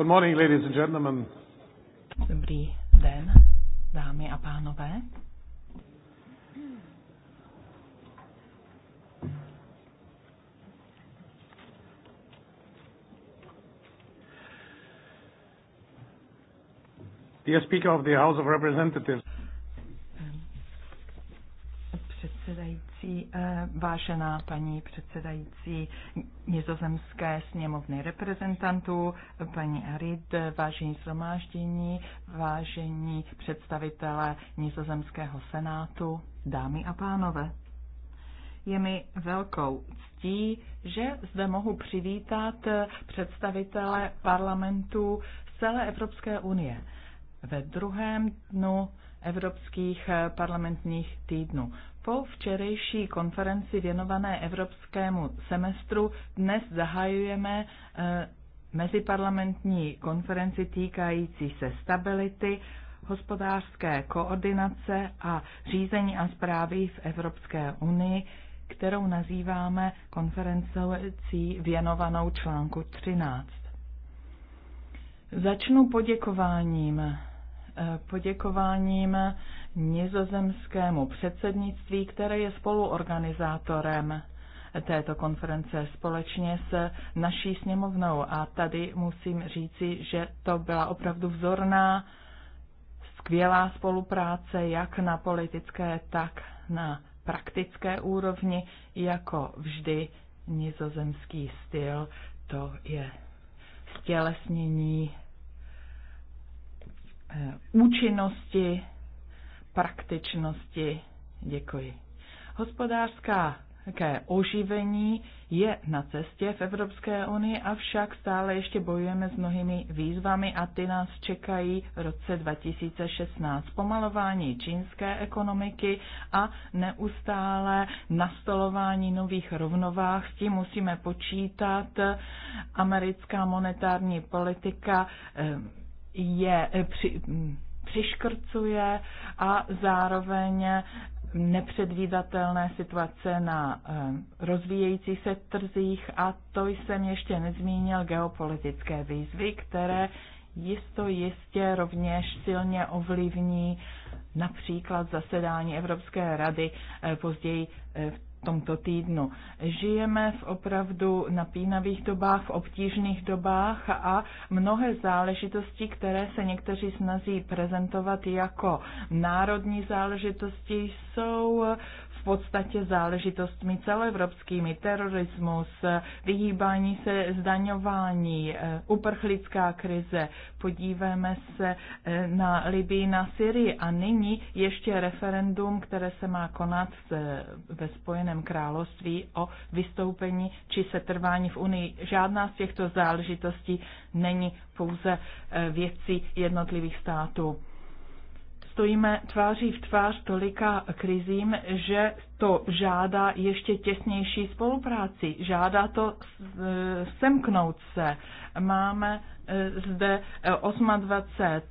Good morning, ladies and gentlemen. Dobrý den, dámy a pánové. Dear Speaker of the House of Representatives. vážená paní předsedající nizozemské sněmovny reprezentantů, paní Arid, vážení zhromáždění, vážení představitelé nizozemského senátu, dámy a pánové. Je mi velkou ctí, že zde mohu přivítat představitele parlamentu z celé Evropské unie ve druhém dnu evropských parlamentních týdnů. Po včerejší konferenci věnované evropskému semestru dnes zahajujeme eh, meziparlamentní konferenci týkající se stability, hospodářské koordinace a řízení a zprávy v Evropské unii, kterou nazýváme konferencí věnovanou článku 13. Začnu poděkováním poděkováním nizozemskému předsednictví, které je spoluorganizátorem této konference společně s naší sněmovnou. A tady musím říci, že to byla opravdu vzorná, skvělá spolupráce jak na politické, tak na praktické úrovni, jako vždy nizozemský styl, to je stělesnění Eh, účinnosti, praktičnosti. Děkuji. Hospodářská Také oživení je na cestě v Evropské unii, avšak stále ještě bojujeme s mnohými výzvami a ty nás čekají v roce 2016. Pomalování čínské ekonomiky a neustále nastolování nových rovnovách, s tím musíme počítat. Americká monetární politika eh, je eh, při, mm, přiškrcuje a zároveň nepředvídatelné situace na eh, rozvíjející se trzích a to jsem ještě nezmínil geopolitické výzvy, které jisto jistě rovněž silně ovlivní například zasedání Evropské rady eh, později v tomto týdnu. Žijeme v opravdu napínavých dobách, v obtížných dobách a mnohé záležitosti, které se někteří snaží prezentovat jako národní záležitosti, jsou v podstatě záležitostmi celoevropskými. Terorismus, vyhýbání se zdaňování, eh, uprchlická krize. Podíváme se eh, na Libii, na Syrii a nyní ještě referendum, které se má konat eh, ve Spojeném království o vystoupení či setrvání v Unii. Žádná z těchto záležitostí není pouze věcí jednotlivých států stojíme tváří v tvář tolika krizím, že to žádá ještě těsnější spolupráci, žádá to semknout se. Máme e, zde 28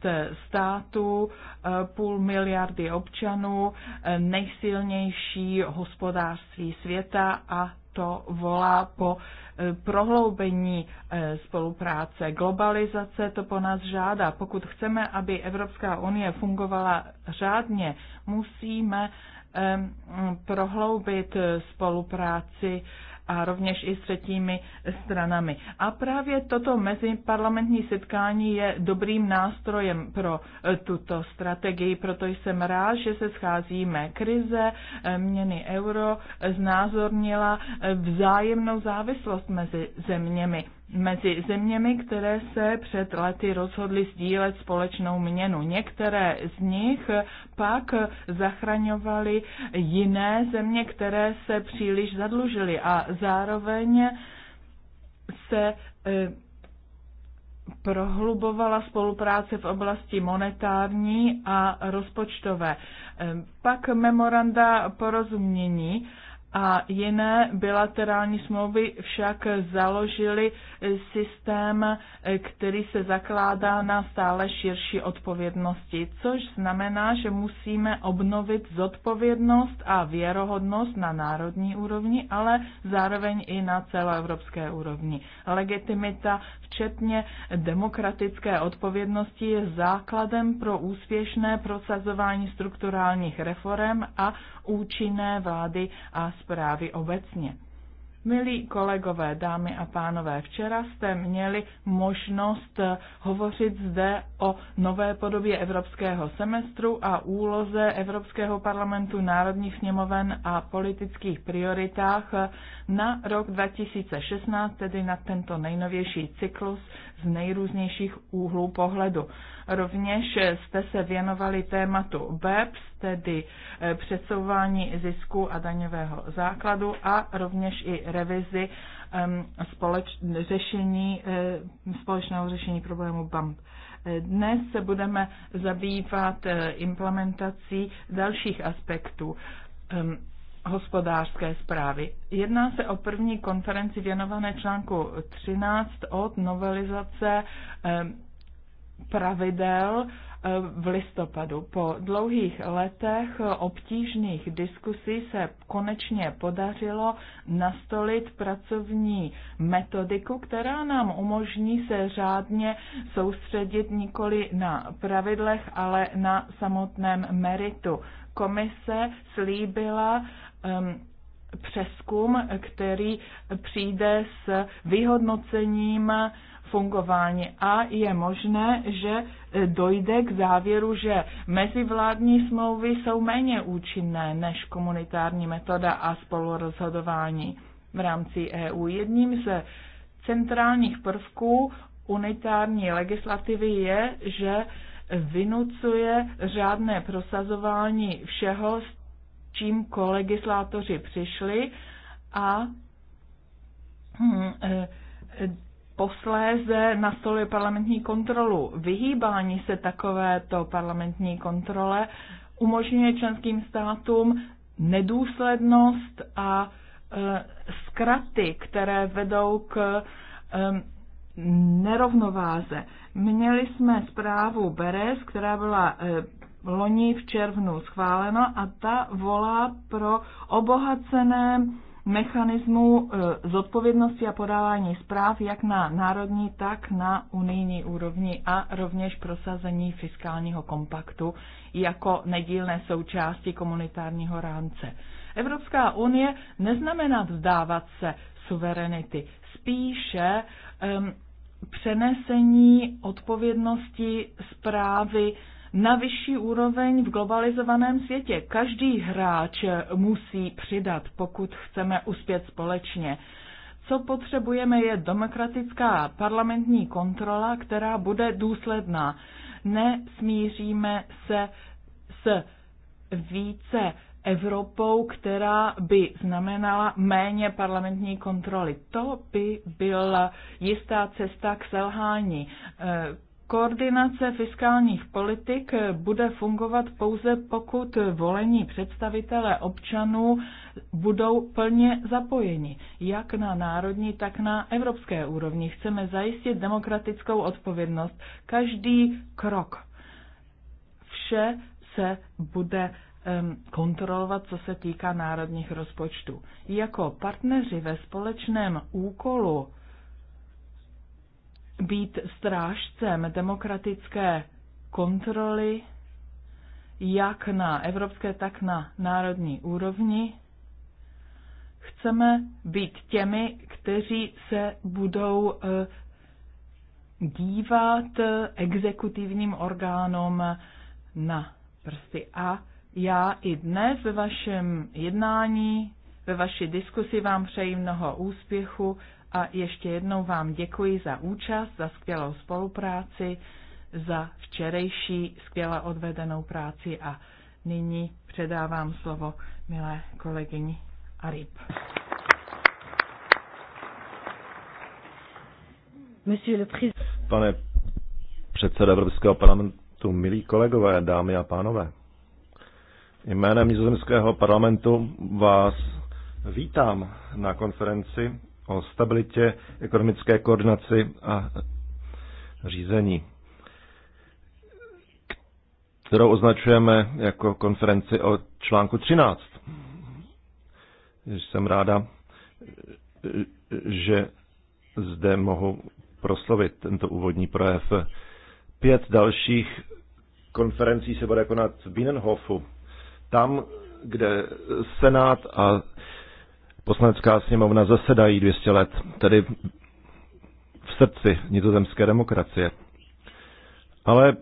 e, států, e, půl miliardy občanů, nejsilnější hospodářství světa a to volá po e, prohloubení e, spolupráce. Globalizace to po nás žádá. Pokud chceme, aby Evropská unie fungovala řádně, musíme e, prohloubit spolupráci a rovněž i s třetími stranami. A právě toto meziparlamentní setkání je dobrým nástrojem pro eh, tuto strategii, proto jsem rád, že se scházíme. Krize eh, měny euro eh, znázornila vzájemnou závislost mezi zeměmi mezi zeměmi, které se před lety rozhodly sdílet společnou měnu. Některé z nich pak zachraňovaly jiné země, které se příliš zadlužily a zároveň se e, prohlubovala spolupráce v oblasti monetární a rozpočtové. E, pak memoranda porozumění a jiné bilaterální smlouvy však založily systém, který se zakládá na stále širší odpovědnosti, což znamená, že musíme obnovit zodpovědnost a věrohodnost na národní úrovni, ale zároveň i na celoevropské úrovni. Legitimita včetně demokratické odpovědnosti, je základem pro úspěšné prosazování strukturálních reform a účinné vlády a zprávy obecně. Milí kolegové, dámy a pánové, včera jste měli možnost eh, hovořit zde o nové podobě evropského semestru a úloze Evropského parlamentu národních sněmoven a politických prioritách eh, na rok 2016, tedy na tento nejnovější cyklus z nejrůznějších úhlů pohledu. Rovněž jste se věnovali tématu BEPS, tedy eh, přesouvání zisku a daňového základu a rovněž i revizi ehm, společ, řešení, eh, společného řešení problému BAMP. Eh, dnes se budeme zabývat implementací dalších aspektů ehm, hospodářské zprávy. Jedná se o první konferenci věnované článku 13 od novelizace eh, pravidel eh, v listopadu. Po dlouhých letech obtížných diskusí se konečně podařilo nastolit pracovní metodiku, která nám umožní se řádně soustředit nikoli na pravidlech, ale na samotném meritu. Komise slíbila Um, přeskum, který přijde s vyhodnocením fungování a je možné, že dojde k závěru, že mezivládní smlouvy jsou méně účinné než komunitární metoda a spolurozhodování v rámci EU. Jedním ze centrálních prvků unitární legislativy je, že vynucuje řádné prosazování všeho z čím kolegislátoři přišli a hmm, e, posléze nastoluje parlamentní kontrolu. Vyhýbání se takovéto parlamentní kontrole umožňuje členským státům nedůslednost a e, zkraty, které vedou k e, nerovnováze. Měli jsme zprávu Beres, která byla e, loni v červnu schválena a ta volá pro obohacené mechanismu e, zodpovědnosti a podávání zpráv jak na národní, tak na unijní úrovni a rovněž prosazení fiskálního kompaktu jako nedílné součásti komunitárního rámce. Evropská unie neznamená vzdávat se suverenity, spíše um, přenesení odpovědnosti zprávy na vyšší úroveň v globalizovaném světě. Každý hráč musí přidat, pokud chceme uspět společně. Co potřebujeme je demokratická parlamentní kontrola, která bude důsledná. Nesmíříme se s více Evropou, která by znamenala méně parlamentní kontroly. To by byla jistá cesta k selhání. Eh, Koordinace fiskálních politik bude fungovat pouze pokud volení představitelé občanů budou plně zapojeni, jak na národní, tak na evropské úrovni. Chceme zajistit demokratickou odpovědnost. Každý krok, vše se bude kontrolovat, co se týká národních rozpočtů. Jako partneři ve společném úkolu být strážcem demokratické kontroly jak na evropské, tak na národní úrovni. Chceme být těmi, kteří se budou eh, dívat eh, exekutivním orgánům na prsty. A já i dnes ve vašem jednání, ve vaší diskusi vám přeji mnoho úspěchu a ještě jednou vám děkuji za účast, za skvělou spolupráci, za včerejší skvěle odvedenou práci a nyní předávám slovo milé kolegyni Arip. Pane předsedo Evropského parlamentu, milí kolegové, dámy a pánové, jménem nizozemského parlamentu vás vítám na konferenci o stabilitě, ekonomické koordinaci a řízení, kterou označujeme jako konferenci o článku 13. Jsem ráda, že zde mohu proslovit tento úvodní projev. Pět dalších konferencí se bude konat v Bienenhofu, tam, kde Senát a poslanecká sněmovna zasedají 200 let, tedy v srdci nizozemské demokracie. Ale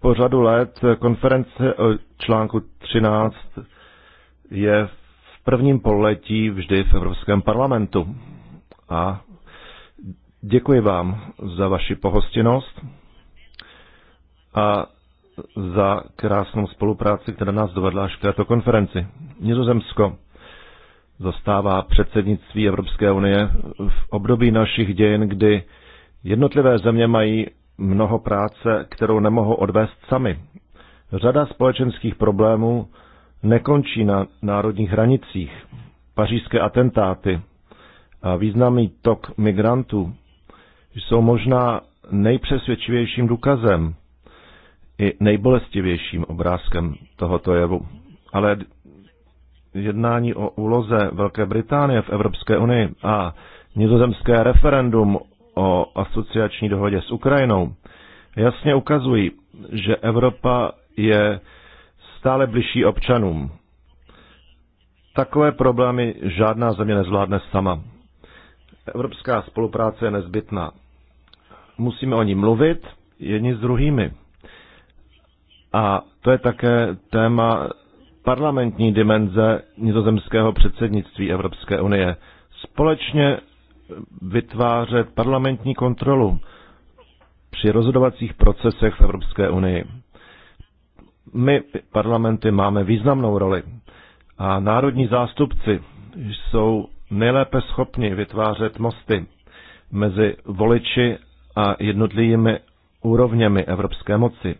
po řadu let konference o článku 13 je v prvním poletí vždy v Evropském parlamentu. A děkuji vám za vaši pohostinnost a za krásnou spolupráci, která nás dovedla až k této konferenci. Nizozemsko zastává předsednictví Evropské unie v období našich dějin, kdy jednotlivé země mají mnoho práce, kterou nemohou odvést sami. Řada společenských problémů nekončí na národních hranicích. Pařížské atentáty a významný tok migrantů jsou možná nejpřesvědčivějším důkazem i nejbolestivějším obrázkem tohoto jevu. Ale jednání o úloze Velké Británie v Evropské unii a nizozemské referendum o asociační dohodě s Ukrajinou jasně ukazují, že Evropa je stále bližší občanům. Takové problémy žádná země nezvládne sama. Evropská spolupráce je nezbytná. Musíme o ní mluvit jedni s druhými. A to je také téma parlamentní dimenze nizozemského předsednictví Evropské unie. Společně vytvářet parlamentní kontrolu při rozhodovacích procesech v Evropské unii. My, parlamenty, máme významnou roli a národní zástupci jsou nejlépe schopni vytvářet mosty mezi voliči a jednotlivými úrovněmi evropské moci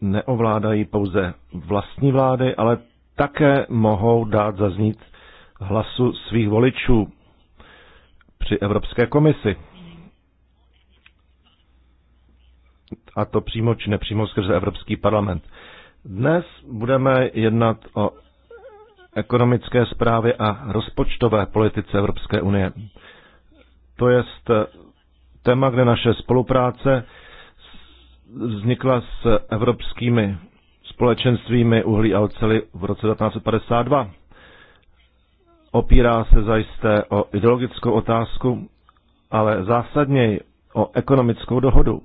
neovládají pouze vlastní vlády, ale také mohou dát zaznít hlasu svých voličů při Evropské komisi. A to přímo či nepřímo skrze Evropský parlament. Dnes budeme jednat o ekonomické zprávy a rozpočtové politice Evropské unie. To je eh, téma, kde naše spolupráce vznikla s evropskými společenstvími uhlí a oceli v roce 1952. Opírá se zajisté o ideologickou otázku, ale zásadněji o ekonomickou dohodu.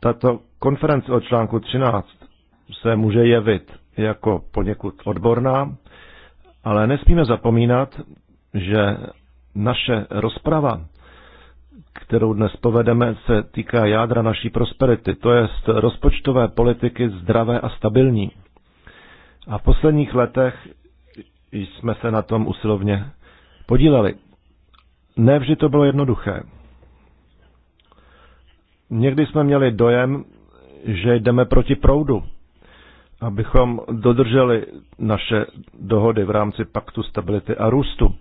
Tato konference o článku 13 se může jevit jako poněkud odborná, ale nesmíme zapomínat, že naše rozprava kterou dnes povedeme, se týká jádra naší prosperity, to je rozpočtové politiky zdravé a stabilní. A v posledních letech jsme se na tom usilovně podíleli. Nevždy to bylo jednoduché. Někdy jsme měli dojem, že jdeme proti proudu, abychom dodrželi naše dohody v rámci paktu stability a růstu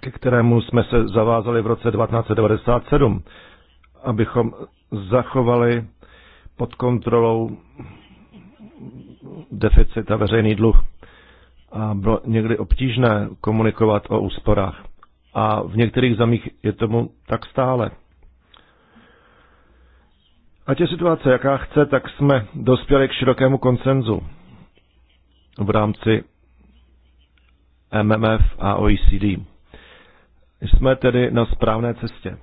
ke kterému jsme se zavázali v roce 1997, abychom zachovali pod kontrolou deficit a veřejný dluh. A bylo někdy obtížné komunikovat o úsporách. A v některých zemích je tomu tak stále. Ať je situace jaká chce, tak jsme dospěli k širokému koncenzu v rámci MMF a OECD. Jsme tedy na správné cestě.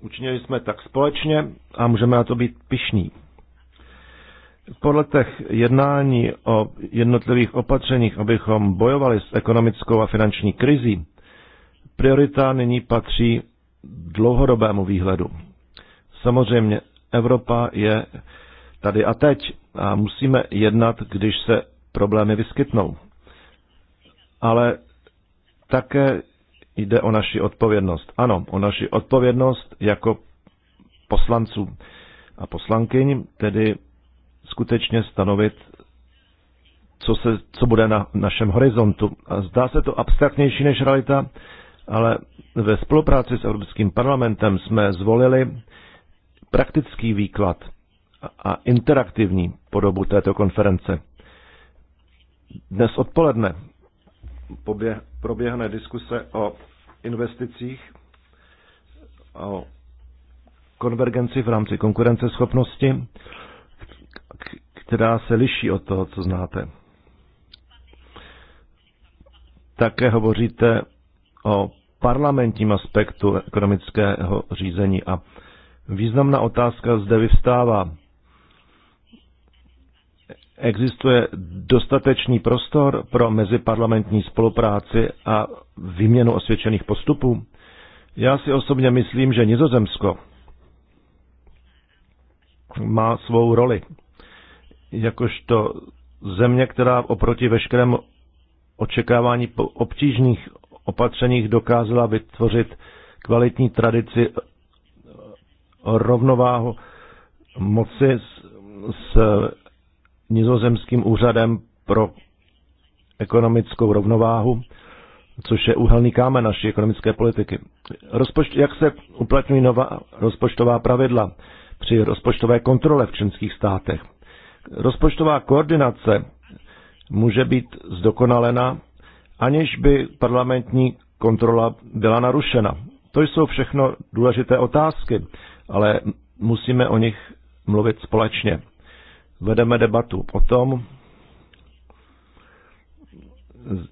Učinili jsme tak společně a můžeme na to být pišní. Po letech jednání o jednotlivých opatřeních, abychom bojovali s ekonomickou a finanční krizí, priorita nyní patří dlouhodobému výhledu. Samozřejmě Evropa je tady a teď a musíme jednat, když se problémy vyskytnou. Ale také jde o naši odpovědnost. Ano, o naši odpovědnost jako poslanců a poslankyň, tedy skutečně stanovit, co, se, co bude na našem horizontu. A zdá se to abstraktnější než realita, ale ve spolupráci s Evropským parlamentem jsme zvolili praktický výklad a interaktivní podobu této konference. Dnes odpoledne poběh, proběhne diskuse o investicích, o konvergenci v rámci konkurenceschopnosti, která se liší od toho, co znáte. Také hovoříte o parlamentním aspektu ekonomického řízení a významná otázka zde vyvstává existuje dostatečný prostor pro meziparlamentní spolupráci a výměnu osvědčených postupů? Já si osobně myslím, že Nizozemsko má svou roli. Jakožto země, která oproti veškerému očekávání po obtížných opatřeních dokázala vytvořit kvalitní tradici rovnováhu moci s, s nizozemským úřadem pro ekonomickou rovnováhu, což je úhelný kámen naší ekonomické politiky. Rozpočt, jak se uplatňují nová rozpočtová pravidla při rozpočtové kontrole v členských státech? Rozpočtová koordinace může být zdokonalena, aniž by parlamentní kontrola byla narušena. To jsou všechno důležité otázky, ale musíme o nich mluvit společně vedeme debatu o tom,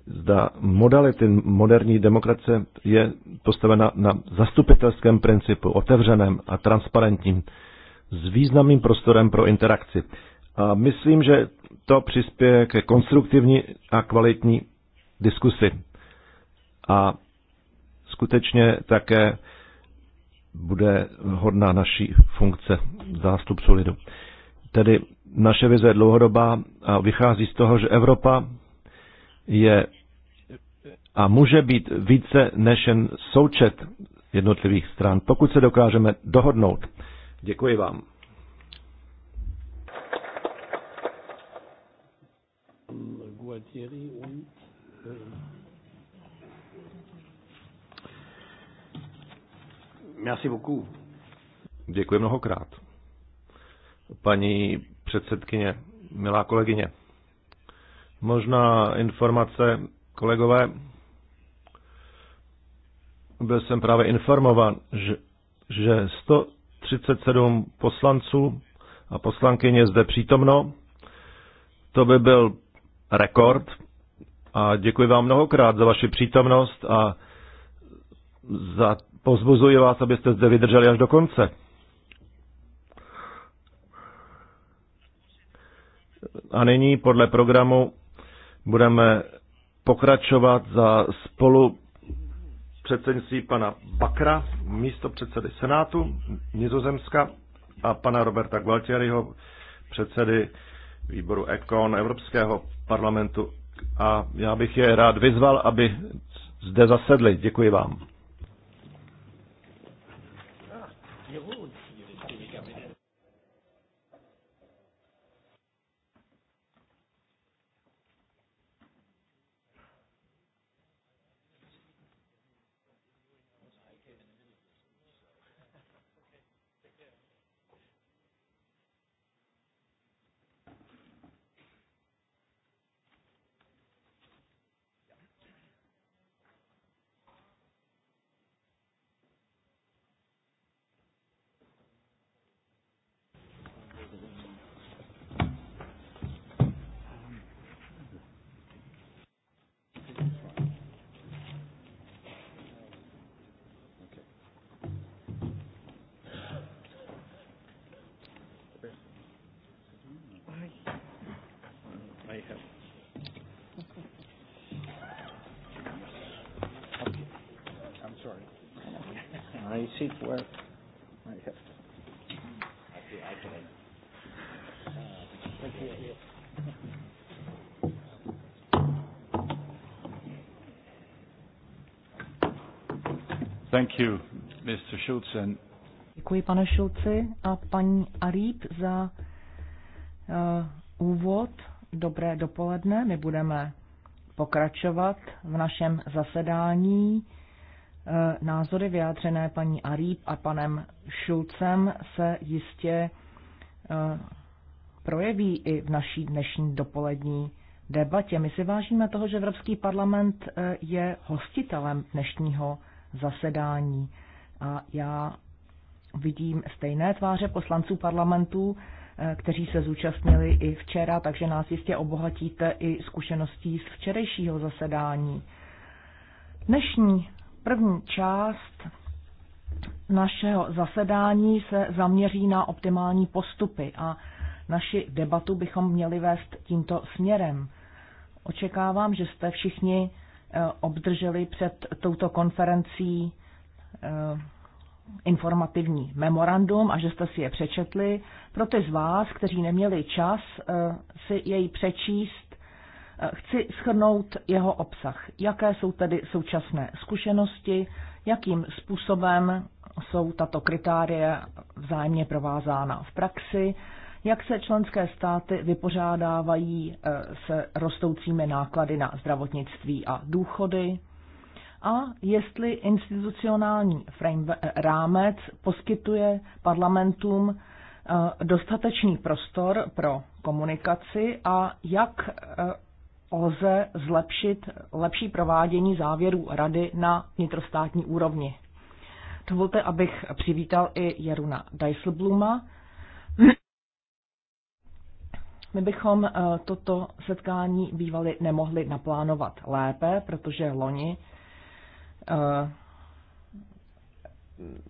zda modality moderní demokracie je postavena na zastupitelském principu, otevřeném a transparentním, s významným prostorem pro interakci. A myslím, že to přispěje ke konstruktivní a kvalitní diskusi. A skutečně také bude hodná naší funkce zástupců lidu. Tedy naše vize je dlouhodobá a vychází z toho, že Evropa je a může být více než jen součet jednotlivých stran, pokud se dokážeme dohodnout. Děkuji vám. Děkuji mnohokrát. Paní předsedkyně, milá kolegyně. Možná informace, kolegové. Byl jsem právě informovan, že, že 137 poslanců a poslankyně zde přítomno. To by byl rekord. A děkuji vám mnohokrát za vaši přítomnost a za, pozbuzuji vás, abyste zde vydrželi až do konce. A nyní podle programu budeme pokračovat za spolu předsednictví pana Bakra, místo předsedy Senátu Nizozemska a pana Roberta Gualtieriho, předsedy výboru ECON Evropského parlamentu. A já bych je rád vyzval, aby zde zasedli. Děkuji vám. Thank you, Mr. Schulz and... Děkuji, pane Šulci a paní Aríp za uh, úvod. Dobré dopoledne. My budeme pokračovat v našem zasedání. Eh, názory vyjádřené paní Aríp a panem Šulcem se jistě eh, projeví i v naší dnešní dopolední debatě. My si vážíme toho, že Evropský parlament je hostitelem dnešního zasedání. A já vidím stejné tváře poslanců parlamentu, eh, kteří se zúčastnili i včera, takže nás jistě obohatíte i zkušeností z včerejšího zasedání. Dnešní první část našeho zasedání se zaměří na optimální postupy a naši debatu bychom měli vést tímto směrem. Očekávám, že jste všichni Eh, obdrželi před touto konferencí eh, informativní memorandum a že jste si je přečetli. Pro ty z vás, kteří neměli čas eh, si jej přečíst, chci schrnout jeho obsah. Jaké jsou tedy současné zkušenosti, jakým způsobem jsou tato kritéria vzájemně provázána v praxi jak se členské státy vypořádávají eh, se rostoucími náklady na zdravotnictví a důchody? A jestli institucionální frame, eh, rámec poskytuje parlamentům eh, dostatečný prostor pro komunikaci a jak lze zlepšit lepší provádění závěrů rady na vnitrostátní úrovni. Dovolte, abych přivítal i Jaruna Dijsselbluma, my bychom eh, toto setkání bývali nemohli naplánovat lépe, protože loni eh,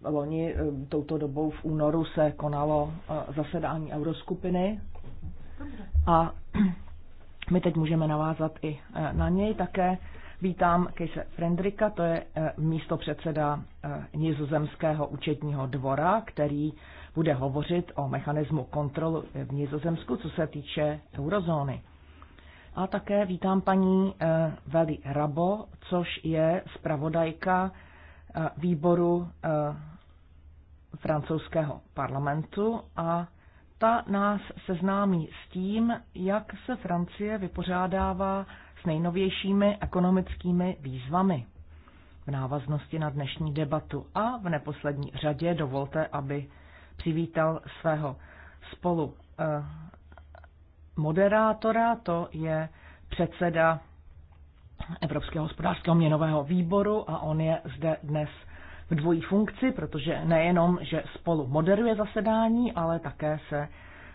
loni eh, touto dobou v únoru se konalo zasedání euroskupiny a my teď můžeme navázat i na něj také. Vítám Kejse Frendrika, to je místo předseda nizozemského účetního dvora, který bude hovořit o mechanismu kontrol v Nizozemsku, co se týče eurozóny. A také vítám paní eh, Veli Rabo, což je zpravodajka eh, výboru eh, francouzského parlamentu a ta nás seznámí s tím, jak se Francie vypořádává s nejnovějšími ekonomickými výzvami. V návaznosti na dnešní debatu a v neposlední řadě dovolte, aby přivítal svého spolu eh, moderátora, to je předseda Evropského hospodářského měnového výboru a on je zde dnes v dvojí funkci, protože nejenom, že spolu moderuje zasedání, ale také se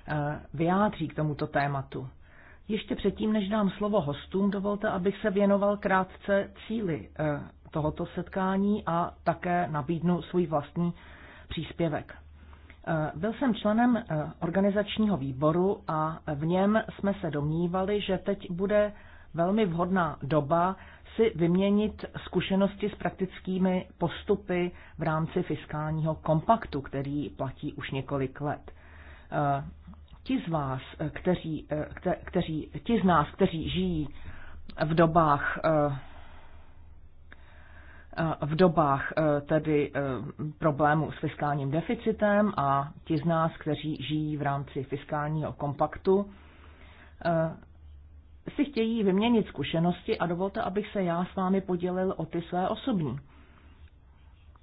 eh, vyjádří k tomuto tématu. Ještě předtím, než dám slovo hostům, dovolte, abych se věnoval krátce cíli eh, tohoto setkání a také nabídnu svůj vlastní příspěvek. Eh, byl jsem členem eh, organizačního výboru a v něm jsme se domnívali, že teď bude velmi vhodná doba si vyměnit zkušenosti s praktickými postupy v rámci fiskálního kompaktu, který platí už několik let. Eh, ti z vás, kteří, kte, kteří, ti z nás, kteří žijí v dobách v dobách eh, tedy eh, problému s fiskálním deficitem a ti z nás, kteří žijí v rámci fiskálního kompaktu, eh, si chtějí vyměnit zkušenosti a dovolte, abych se já s vámi podělil o ty své osobní.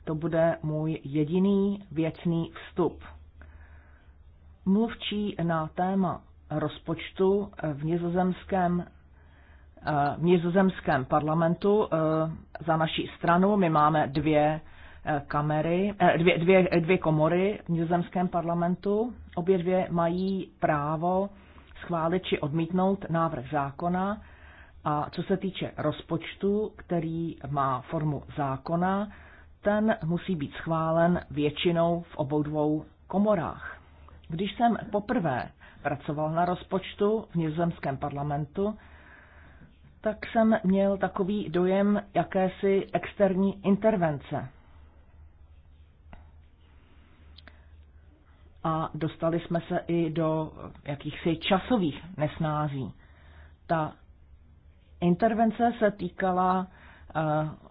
To bude můj jediný věcný vstup. Mluvčí na téma rozpočtu v nizozemském nizozemském parlamentu eh, za naší stranu. My máme dvě eh, kamery, eh, dvě, dvě, dvě komory v nizozemském parlamentu. Obě dvě mají právo schválit či odmítnout návrh zákona. A co se týče rozpočtu, který má formu zákona, ten musí být schválen většinou v obou dvou komorách. Když jsem poprvé pracoval na rozpočtu v nizozemském parlamentu, tak jsem měl takový dojem jakési externí intervence. A dostali jsme se i do jakýchsi časových nesnází. Ta intervence se týkala eh,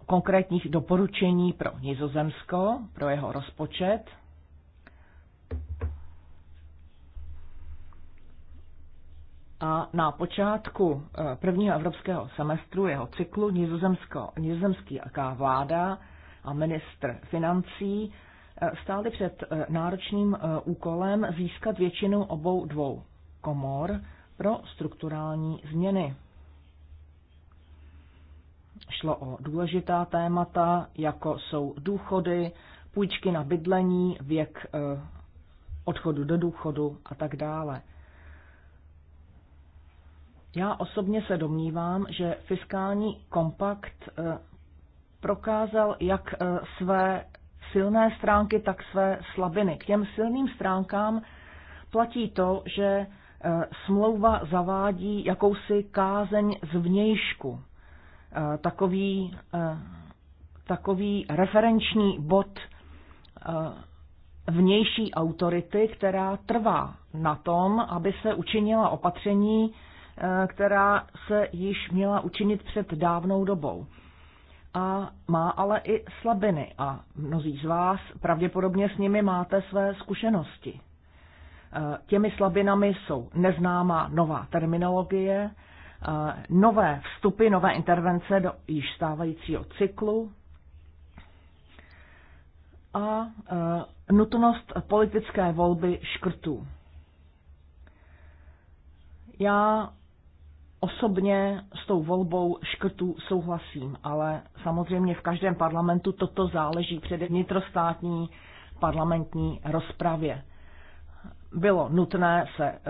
konkrétních doporučení pro Nizozemsko, pro jeho rozpočet, A na počátku eh, prvního evropského semestru jeho cyklu nizozemský nizozemská eh, vláda a ministr financí eh, stáli před náročným úkolem získat většinu obou dvou komor pro strukturální změny. Šlo o důležitá témata, jako jsou důchody, půjčky na bydlení, věk odchodu do důchodu a tak dále. Já osobně se domnívám, že fiskální kompakt eh, prokázal jak eh, své silné stránky, tak své slabiny. K těm silným stránkám platí to, že eh, smlouva zavádí jakousi kázeň zvnějšku, takový, takový referenční bod vnější autority, která trvá na tom, aby se učinila opatření, Eh, která se již měla učinit před dávnou dobou. A má ale i slabiny a mnozí z vás pravděpodobně s nimi máte své zkušenosti. Eh, těmi slabinami jsou neznámá nová terminologie, eh, nové vstupy, nové intervence do již stávajícího cyklu a nutnost politické volby škrtů. Já Osobně s tou volbou škrtů souhlasím, ale samozřejmě v každém parlamentu toto záleží před vnitrostátní parlamentní rozpravě. Bylo nutné se eh,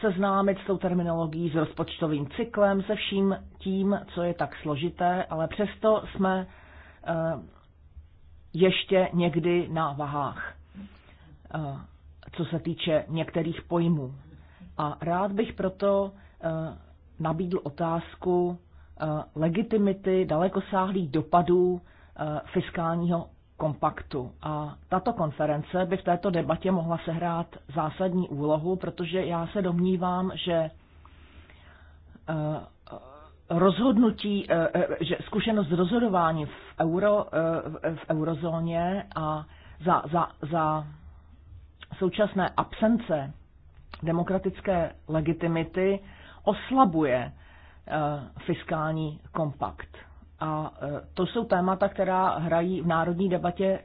seznámit s tou terminologií, s rozpočtovým cyklem, se vším tím, co je tak složité, ale přesto jsme eh, ještě někdy na vahách, eh, co se týče některých pojmů. A rád bych proto nabídl otázku eh, legitimity dalekosáhlých dopadů eh, fiskálního kompaktu. A tato konference by v této debatě mohla sehrát zásadní úlohu, protože já se domnívám, že eh, rozhodnutí, že zkušenost rozhodování v, euro, v eurozóně a za, za, za současné absence demokratické legitimity oslabuje eh, fiskální kompakt. A eh, to jsou témata, která hrají v národní debatě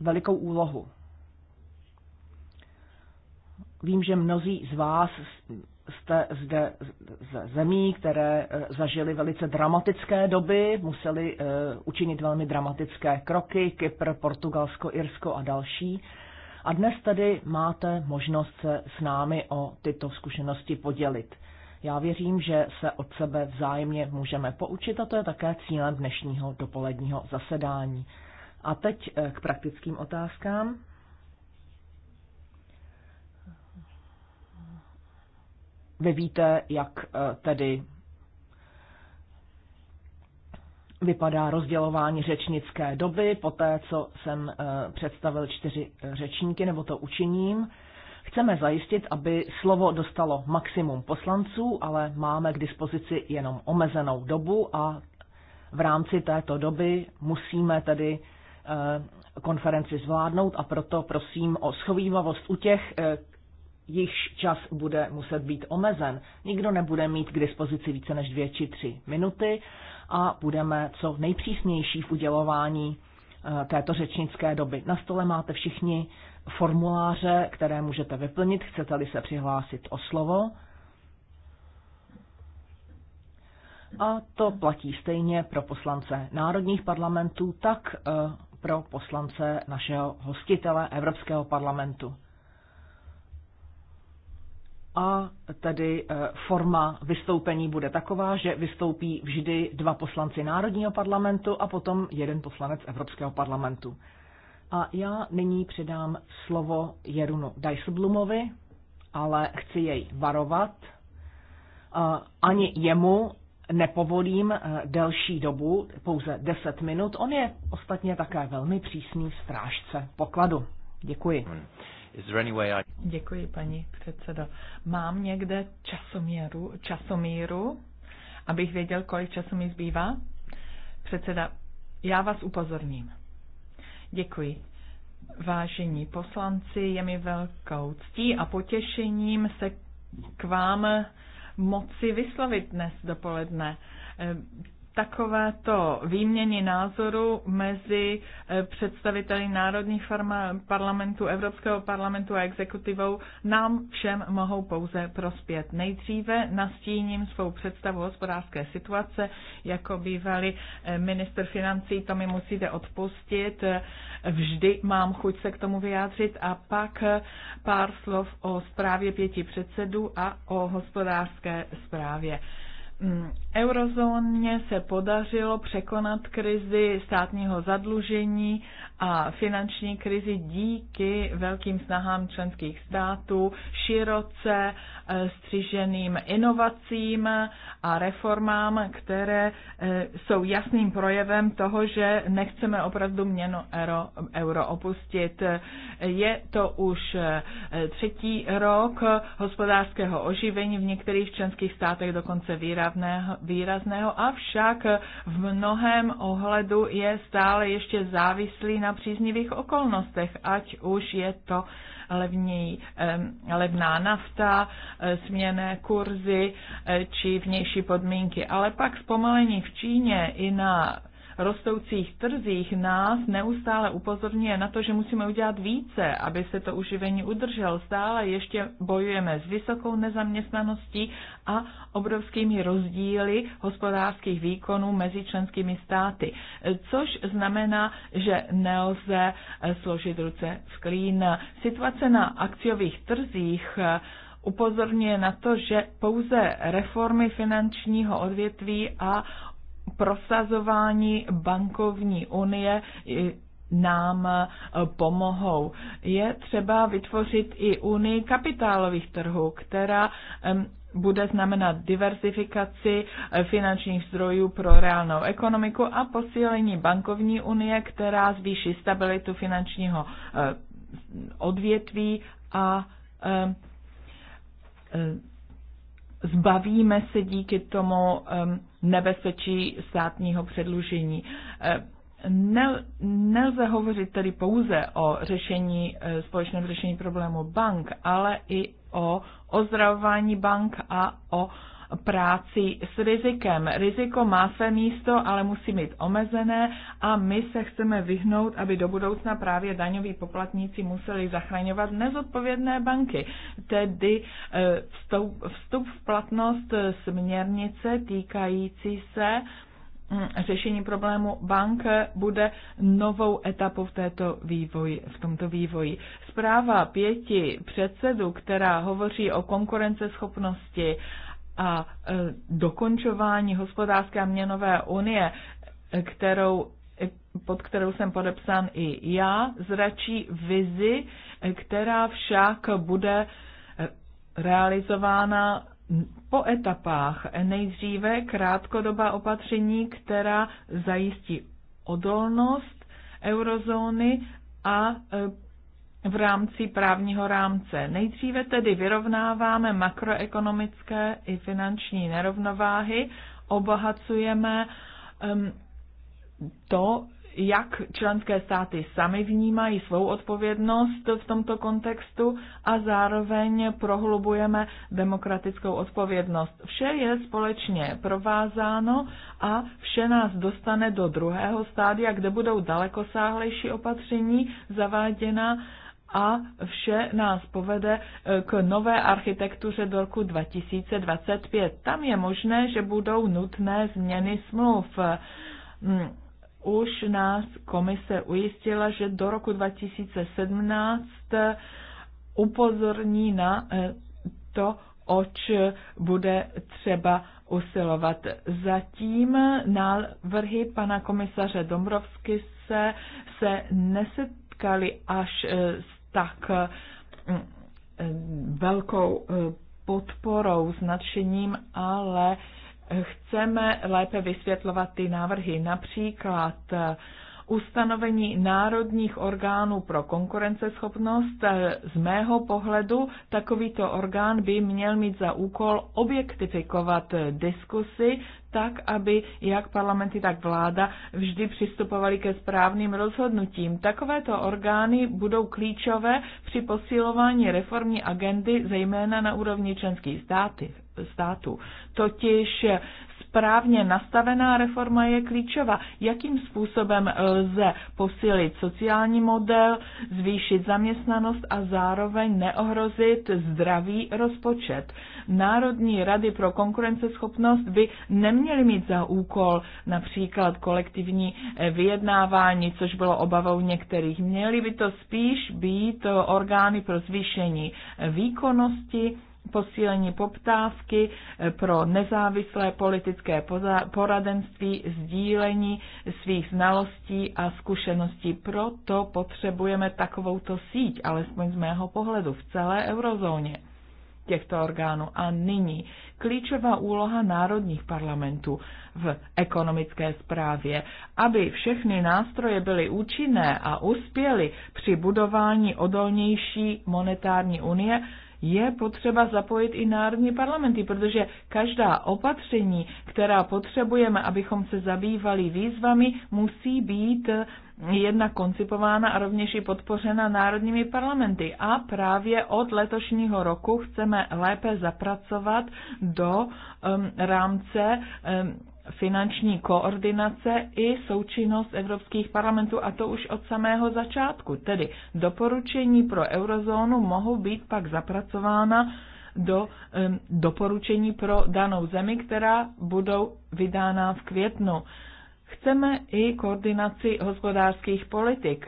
velikou úlohu. Vím, že mnozí z vás jste zde ze zemí, které eh, zažili velice dramatické doby, museli učinit velmi dramatické kroky, Kypr, Portugalsko, Irsko a další. A dnes tedy máte možnost se s námi o tyto zkušenosti podělit. Já věřím, že se od sebe vzájemně můžeme poučit a to je také cílem dnešního dopoledního zasedání. A teď eh, k praktickým otázkám. Vy víte, jak eh, tedy vypadá rozdělování řečnické doby, poté co jsem eh, představil čtyři řečníky, nebo to učiním. Chceme zajistit, aby slovo dostalo maximum poslanců, ale máme k dispozici jenom omezenou dobu a v rámci této doby musíme tedy eh, konferenci zvládnout a proto prosím o schovývavost u těch, eh, jichž čas bude muset být omezen. Nikdo nebude mít k dispozici více než dvě či tři minuty a budeme co nejpřísnější v udělování eh, této řečnické doby. Na stole máte všichni formuláře, které můžete vyplnit, chcete-li se přihlásit o slovo. A to platí stejně pro poslance národních parlamentů, tak eh, pro poslance našeho hostitele Evropského parlamentu. A tedy eh, forma vystoupení bude taková, že vystoupí vždy dva poslanci Národního parlamentu a potom jeden poslanec Evropského parlamentu. A já nyní předám slovo Jerunu Dajsblumovi, ale chci jej varovat. Ani jemu nepovolím eh, delší dobu, pouze 10 minut. On je ostatně také velmi přísný strážce pokladu. Děkuji. Děkuji, paní předsedo. Mám někde časomíru, časomíru, abych věděl, kolik času mi zbývá? Předseda, já vás upozorním. Děkuji. Vážení poslanci, je mi velkou ctí a potěšením se k vám moci vyslovit dnes dopoledne takovéto výměny názoru mezi eh, představiteli národních parlamentů, Evropského parlamentu a exekutivou nám všem mohou pouze prospět. Nejdříve nastíním svou představu hospodářské situace. Jako bývalý eh, minister financí, to mi musíte odpustit. Eh, vždy mám chuť se k tomu vyjádřit a pak pár slov o zprávě pěti předsedů a o hospodářské zprávě. Mm, eurozóně se podařilo překonat krizi státního zadlužení a finanční krizi díky velkým snahám členských států, široce eh, střiženým inovacím a reformám, které eh, jsou jasným projevem toho, že nechceme opravdu měnu euro, euro opustit. Je to už eh, třetí rok hospodářského oživení v některých členských státech dokonce výrazného, výrazného avšak v mnohem ohledu je stále ještě závislý na příznivých okolnostech, ať už je to levní, levná nafta, e, směné kurzy e, či vnější podmínky. Ale pak zpomalení v Číně i na rostoucích trzích nás neustále upozorňuje na to, že musíme udělat více, aby se to uživení udrželo. Stále ještě bojujeme s vysokou nezaměstnaností a obrovskými rozdíly hospodářských výkonů mezi členskými státy, což znamená, že nelze složit ruce v klín. Situace na akciových trzích upozorňuje na to, že pouze reformy finančního odvětví a prosazování bankovní unie nám eh, pomohou. Je třeba vytvořit i unii kapitálových trhů, která bude znamenat diversifikaci eh, finančních zdrojů pro reálnou ekonomiku a posílení bankovní unie, která zvýší stabilitu finančního eh, odvětví a zbavíme se díky tomu um, nebezpečí státního předlužení. Uh, nel, nelze hovořit tedy pouze o řešení, uh, společném řešení problému bank, ale i o ozdravování bank a o práci s rizikem. Riziko má své místo, ale musí být omezené a my se chceme vyhnout, aby do budoucna právě daňoví poplatníci museli zachraňovat nezodpovědné banky. Tedy eh, vstup v platnost směrnice týkající se hm, řešení problému bank bude novou etapou v, této vývoji, v tomto vývoji. Zpráva pěti předsedů, která hovoří o konkurenceschopnosti a e, dokončování hospodářské a měnové unie, kterou, e, pod kterou jsem podepsán i já, zračí vizi, e, která však bude realizována po etapách. Nejdříve krátkodobá opatření, která zajistí odolnost eurozóny a v rámci právního rámce. Nejdříve tedy vyrovnáváme makroekonomické i finanční nerovnováhy, obohacujeme um, to, jak členské státy sami vnímají svou odpovědnost v tomto kontextu a zároveň prohlubujeme demokratickou odpovědnost. Vše je společně provázáno a vše nás dostane do druhého stádia, kde budou dalekosáhlejší opatření zaváděna a vše nás povede eh, k nové architektuře do roku 2025. Tam je možné, že budou nutné změny smluv. Mm, už nás komise ujistila, že do roku 2017 eh, upozorní na eh, to, oč bude třeba usilovat. Zatím návrhy pana komisaře Dombrovsky se, se nesetkaly až s tak eh, mm, velkou eh, podporou, značením, ale chceme lépe vysvětlovat ty návrhy. Například eh, ustanovení národních orgánů pro konkurenceschopnost. Z mého pohledu takovýto orgán by měl mít za úkol objektifikovat diskusy, tak, aby jak parlamenty, tak vláda vždy přistupovali ke správným rozhodnutím. Takovéto orgány budou klíčové při posilování reformní agendy, zejména na úrovni členských státy, států. Totiž správně nastavená reforma je klíčová. Jakým způsobem lze posílit sociální model, zvýšit zaměstnanost a zároveň neohrozit zdravý rozpočet. Národní rady pro konkurenceschopnost by neměly mít za úkol například kolektivní eh, vyjednávání, což bylo obavou některých. Měly by to spíš být eh, orgány pro zvýšení eh, výkonnosti, posílení poptávky eh, pro nezávislé politické poradenství, sdílení svých znalostí a zkušeností. Proto potřebujeme takovouto síť, alespoň z mého pohledu, v celé eurozóně těchto orgánů. A nyní klíčová úloha národních parlamentů v ekonomické správě. Aby všechny nástroje byly účinné a uspěly při budování odolnější monetární unie, je potřeba zapojit i národní parlamenty, protože každá opatření, která potřebujeme, abychom se zabývali výzvami, musí být jedna koncipována a rovněž i podpořena národními parlamenty. A právě od letošního roku chceme lépe zapracovat do um, rámce um, finanční koordinace i součinnost evropských parlamentů, a to už od samého začátku. Tedy doporučení pro eurozónu mohou být pak zapracována do um, doporučení pro danou zemi, která budou vydána v květnu. Chceme i koordinaci hospodářských politik,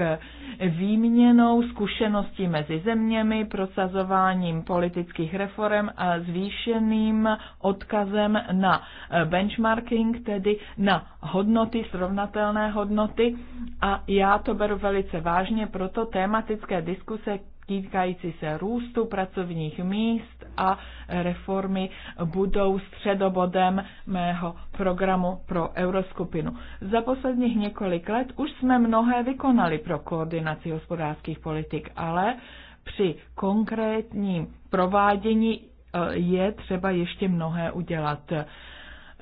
výměnou zkušeností mezi zeměmi, prosazováním politických reform a zvýšeným odkazem na eh, benchmarking, tedy na hodnoty, srovnatelné hodnoty. A já to beru velice vážně, proto tematické diskuse týkající se růstu pracovních míst, a reformy budou středobodem mého programu pro euroskupinu. Za posledních několik let už jsme mnohé vykonali pro koordinaci hospodářských politik, ale při konkrétním provádění e, je třeba ještě mnohé udělat.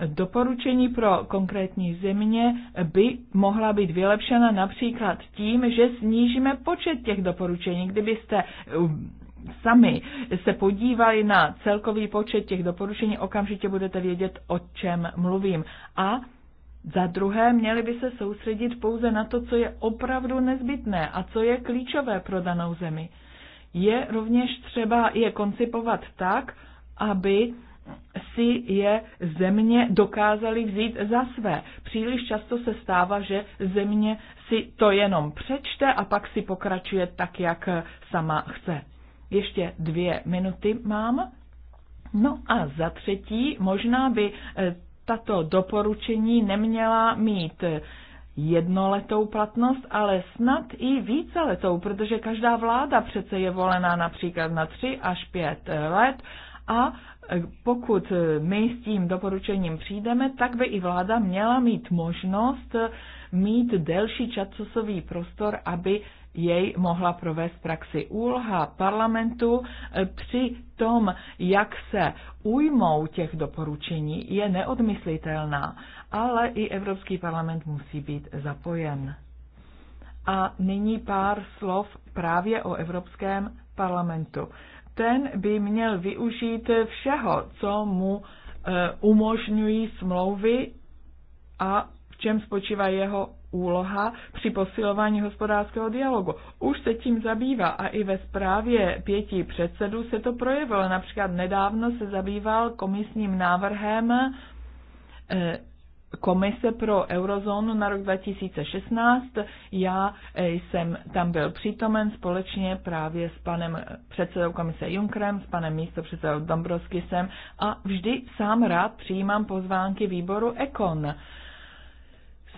Doporučení pro konkrétní země by mohla být vylepšena například tím, že snížíme počet těch doporučení. Kdybyste sami se podívali na celkový počet těch doporučení, okamžitě budete vědět, o čem mluvím. A za druhé, měli by se soustředit pouze na to, co je opravdu nezbytné a co je klíčové pro danou zemi. Je rovněž třeba je koncipovat tak, aby si je země dokázali vzít za své. Příliš často se stává, že země si to jenom přečte a pak si pokračuje tak, jak sama chce. Ještě dvě minuty mám. No a za třetí, možná by eh, tato doporučení neměla mít eh, jednoletou platnost, ale snad i víceletou, protože každá vláda přece je volená například na tři až pět eh, let a pokud my s tím doporučením přijdeme, tak by i vláda měla mít možnost mít delší časový prostor, aby jej mohla provést praxi. Úloha parlamentu eh, při tom, jak se ujmou těch doporučení, je neodmyslitelná, ale i Evropský parlament musí být zapojen. A nyní pár slov právě o Evropském parlamentu. Ten by měl využít všeho, co mu eh, umožňují smlouvy a v čem spočívá jeho úloha při posilování hospodářského dialogu. Už se tím zabývá a i ve zprávě pěti předsedů se to projevilo. Například nedávno se zabýval komisním návrhem eh, Komise pro eurozónu na rok 2016. Já eh, jsem tam byl přítomen společně právě s panem předsedou komise Junkrem, s panem místopředsedou Dombrovskisem a vždy sám rád přijímám pozvánky výboru Econ.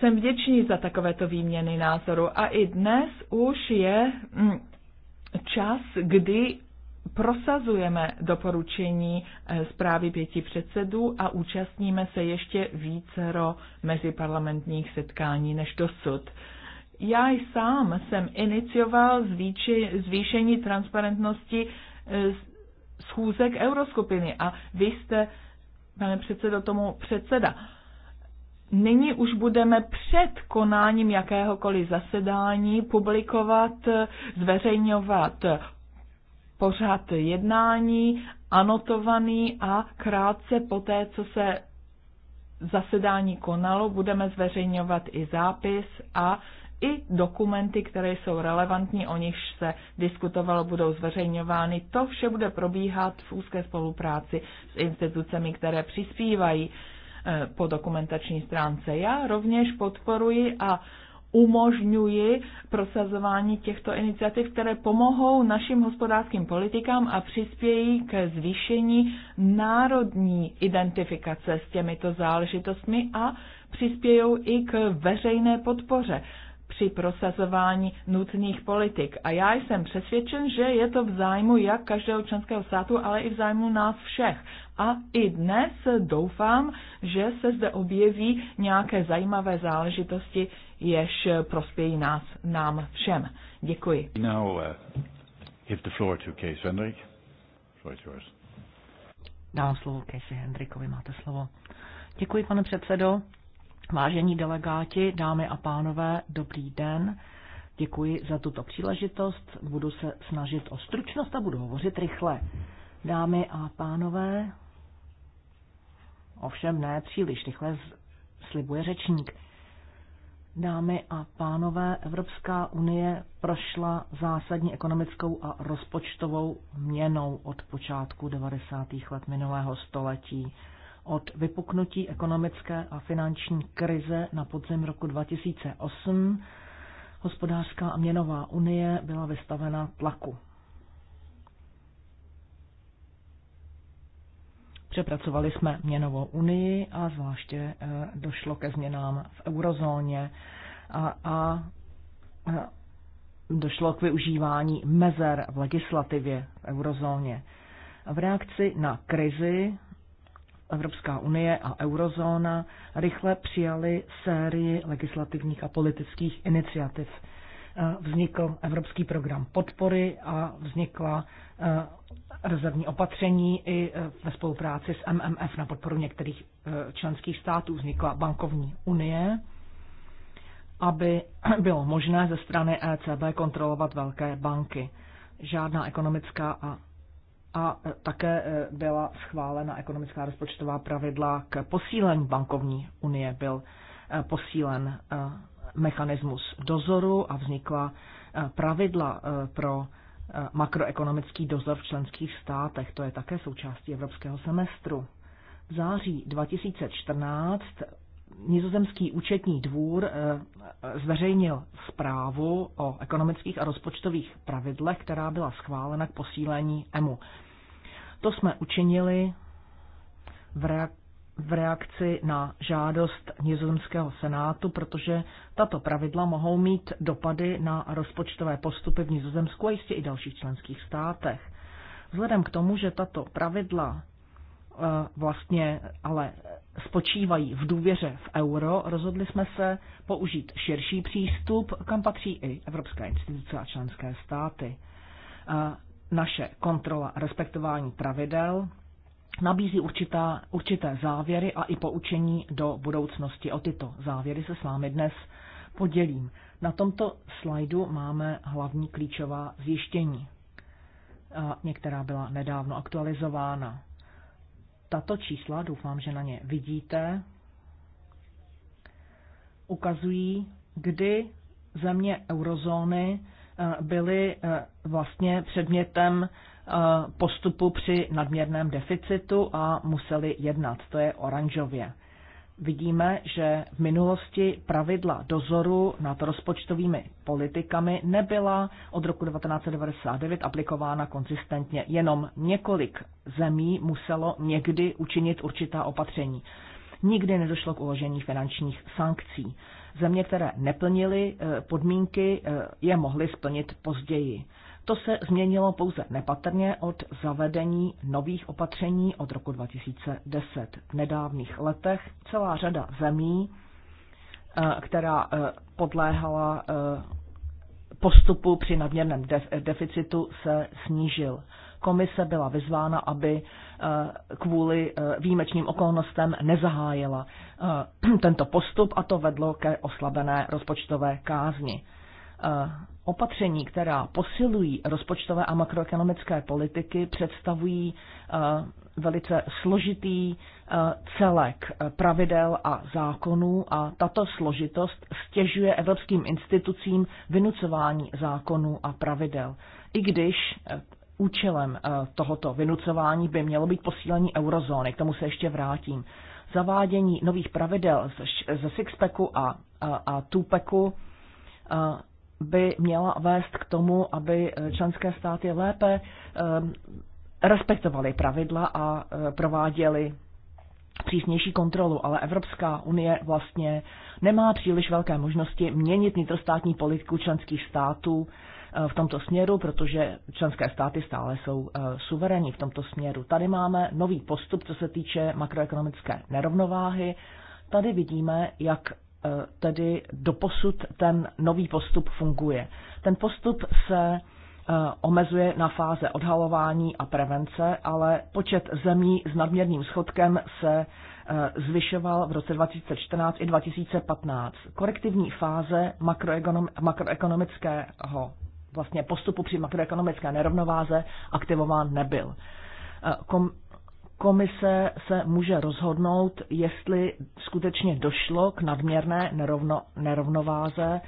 Jsem vděčný za takovéto výměny názoru a i dnes už je mm, čas, kdy prosazujeme doporučení eh, zprávy pěti předsedů a účastníme se ještě vícero meziparlamentních setkání než dosud. Já sám jsem inicioval zvýšení transparentnosti eh, schůzek euroskupiny a vy jste, pane předsedo, tomu předseda nyní už budeme před konáním jakéhokoliv zasedání publikovat, zveřejňovat pořád jednání, anotovaný a krátce poté, co se zasedání konalo, budeme zveřejňovat i zápis a i dokumenty, které jsou relevantní, o nichž se diskutovalo, budou zveřejňovány. To vše bude probíhat v úzké spolupráci s institucemi, které přispívají Eh, po dokumentační stránce. Já rovněž podporuji a umožňuji prosazování těchto iniciativ, které pomohou našim hospodářským politikám a přispějí k zvýšení národní identifikace s těmito záležitostmi a přispějou i k veřejné podpoře při prosazování nutných politik. A já jsem přesvědčen, že je to v zájmu jak každého členského státu, ale i v zájmu nás všech. A i dnes doufám, že se zde objeví nějaké zajímavé záležitosti, jež prospějí nás, nám všem. Děkuji. Now, uh, give the floor to Case Hendrik. Floor yours. Dávám slovo Casey Hendrikovi, máte slovo. Děkuji, pane předsedo. Vážení delegáti, dámy a pánové, dobrý den. Děkuji za tuto příležitost. Budu se snažit o stručnost a budu hovořit rychle. Dámy a pánové, ovšem ne příliš rychle, slibuje řečník. Dámy a pánové, Evropská unie prošla zásadní ekonomickou a rozpočtovou měnou od počátku 90. let minulého století. Od vypuknutí ekonomické a finanční krize na podzim roku 2008 hospodářská a měnová unie byla vystavena tlaku. Přepracovali jsme měnovou unii a zvláště eh, došlo ke změnám v eurozóně a, a eh, došlo k využívání mezer v legislativě v eurozóně. V reakci na krizi Evropská unie a eurozóna rychle přijali sérii legislativních a politických iniciativ. E, vznikl Evropský program podpory a vznikla e, rezervní opatření i e, ve spolupráci s MMF na podporu některých členských států vznikla bankovní unie, aby bylo možné ze strany ECB kontrolovat velké banky. Žádná ekonomická a a e, také e, byla schválena ekonomická rozpočtová pravidla k posílení bankovní unie. Byl e, posílen mechanismus dozoru a vznikla pravidla pro makroekonomický dozor v členských státech. To je také součástí evropského semestru. V září 2014 nizozemský účetní dvůr eh, zveřejnil zprávu o ekonomických a rozpočtových pravidlech, která byla schválena k posílení EMU. To jsme učinili v reakci na žádost nizozemského senátu, protože tato pravidla mohou mít dopady na rozpočtové postupy v Nizozemsku a jistě i dalších členských státech. Vzhledem k tomu, že tato pravidla Eh, vlastně ale spočívají v důvěře v euro, rozhodli jsme se použít širší přístup, kam patří i Evropská instituce a členské státy. Eh, naše kontrola respektování pravidel nabízí určitá, určité závěry a i poučení do budoucnosti. O tyto závěry se s vámi dnes podělím. Na tomto slajdu máme hlavní klíčová zjištění. Eh, některá byla nedávno aktualizována tato čísla, doufám, že na ně vidíte, ukazují, kdy země eurozóny eh, byly eh, vlastně předmětem eh, postupu při nadměrném deficitu a museli jednat. To je oranžově vidíme, že v minulosti pravidla dozoru nad rozpočtovými politikami nebyla od roku 1999 aplikována konzistentně. Jenom několik zemí muselo někdy učinit určitá opatření. Nikdy nedošlo k uložení finančních sankcí. Země, které neplnily eh, podmínky, eh, je mohly splnit později. To se změnilo pouze nepatrně od zavedení nových opatření od roku 2010. V nedávných letech celá řada zemí, eh, která eh, podléhala eh, postupu při nadměrném deficitu, se snížil. Komise byla vyzvána, aby kvůli výjimečným okolnostem nezahájila tento postup a to vedlo ke oslabené rozpočtové kázni Opatření, která posilují rozpočtové a makroekonomické politiky, představují eh, velice složitý eh, celek eh, pravidel a zákonů a tato složitost stěžuje evropským institucím vynucování zákonů a pravidel. I když účelem tohoto vynucování by mělo být posílení eurozóny, k tomu se ještě vrátím. Zavádění nových pravidel ze Sixpacku a, a, a Tupeku by měla vést k tomu, aby eh, členské státy lépe eh, respektovaly pravidla a eh, prováděly přísnější kontrolu, ale Evropská unie vlastně nemá příliš velké možnosti měnit vnitrostátní politiku členských států v tomto směru, protože členské státy stále jsou suverénní v tomto směru. Tady máme nový postup, co se týče makroekonomické nerovnováhy. Tady vidíme, jak Eh, tedy doposud ten nový postup funguje. Ten postup se eh, omezuje na fáze odhalování a prevence, ale počet zemí s nadměrným schodkem se eh, zvyšoval v roce 2014 i 2015. Korektivní fáze makroekonomického vlastně postupu při makroekonomické nerovnováze aktivován nebyl komise se může rozhodnout, jestli skutečně došlo k nadměrné nerovno, nerovnováze,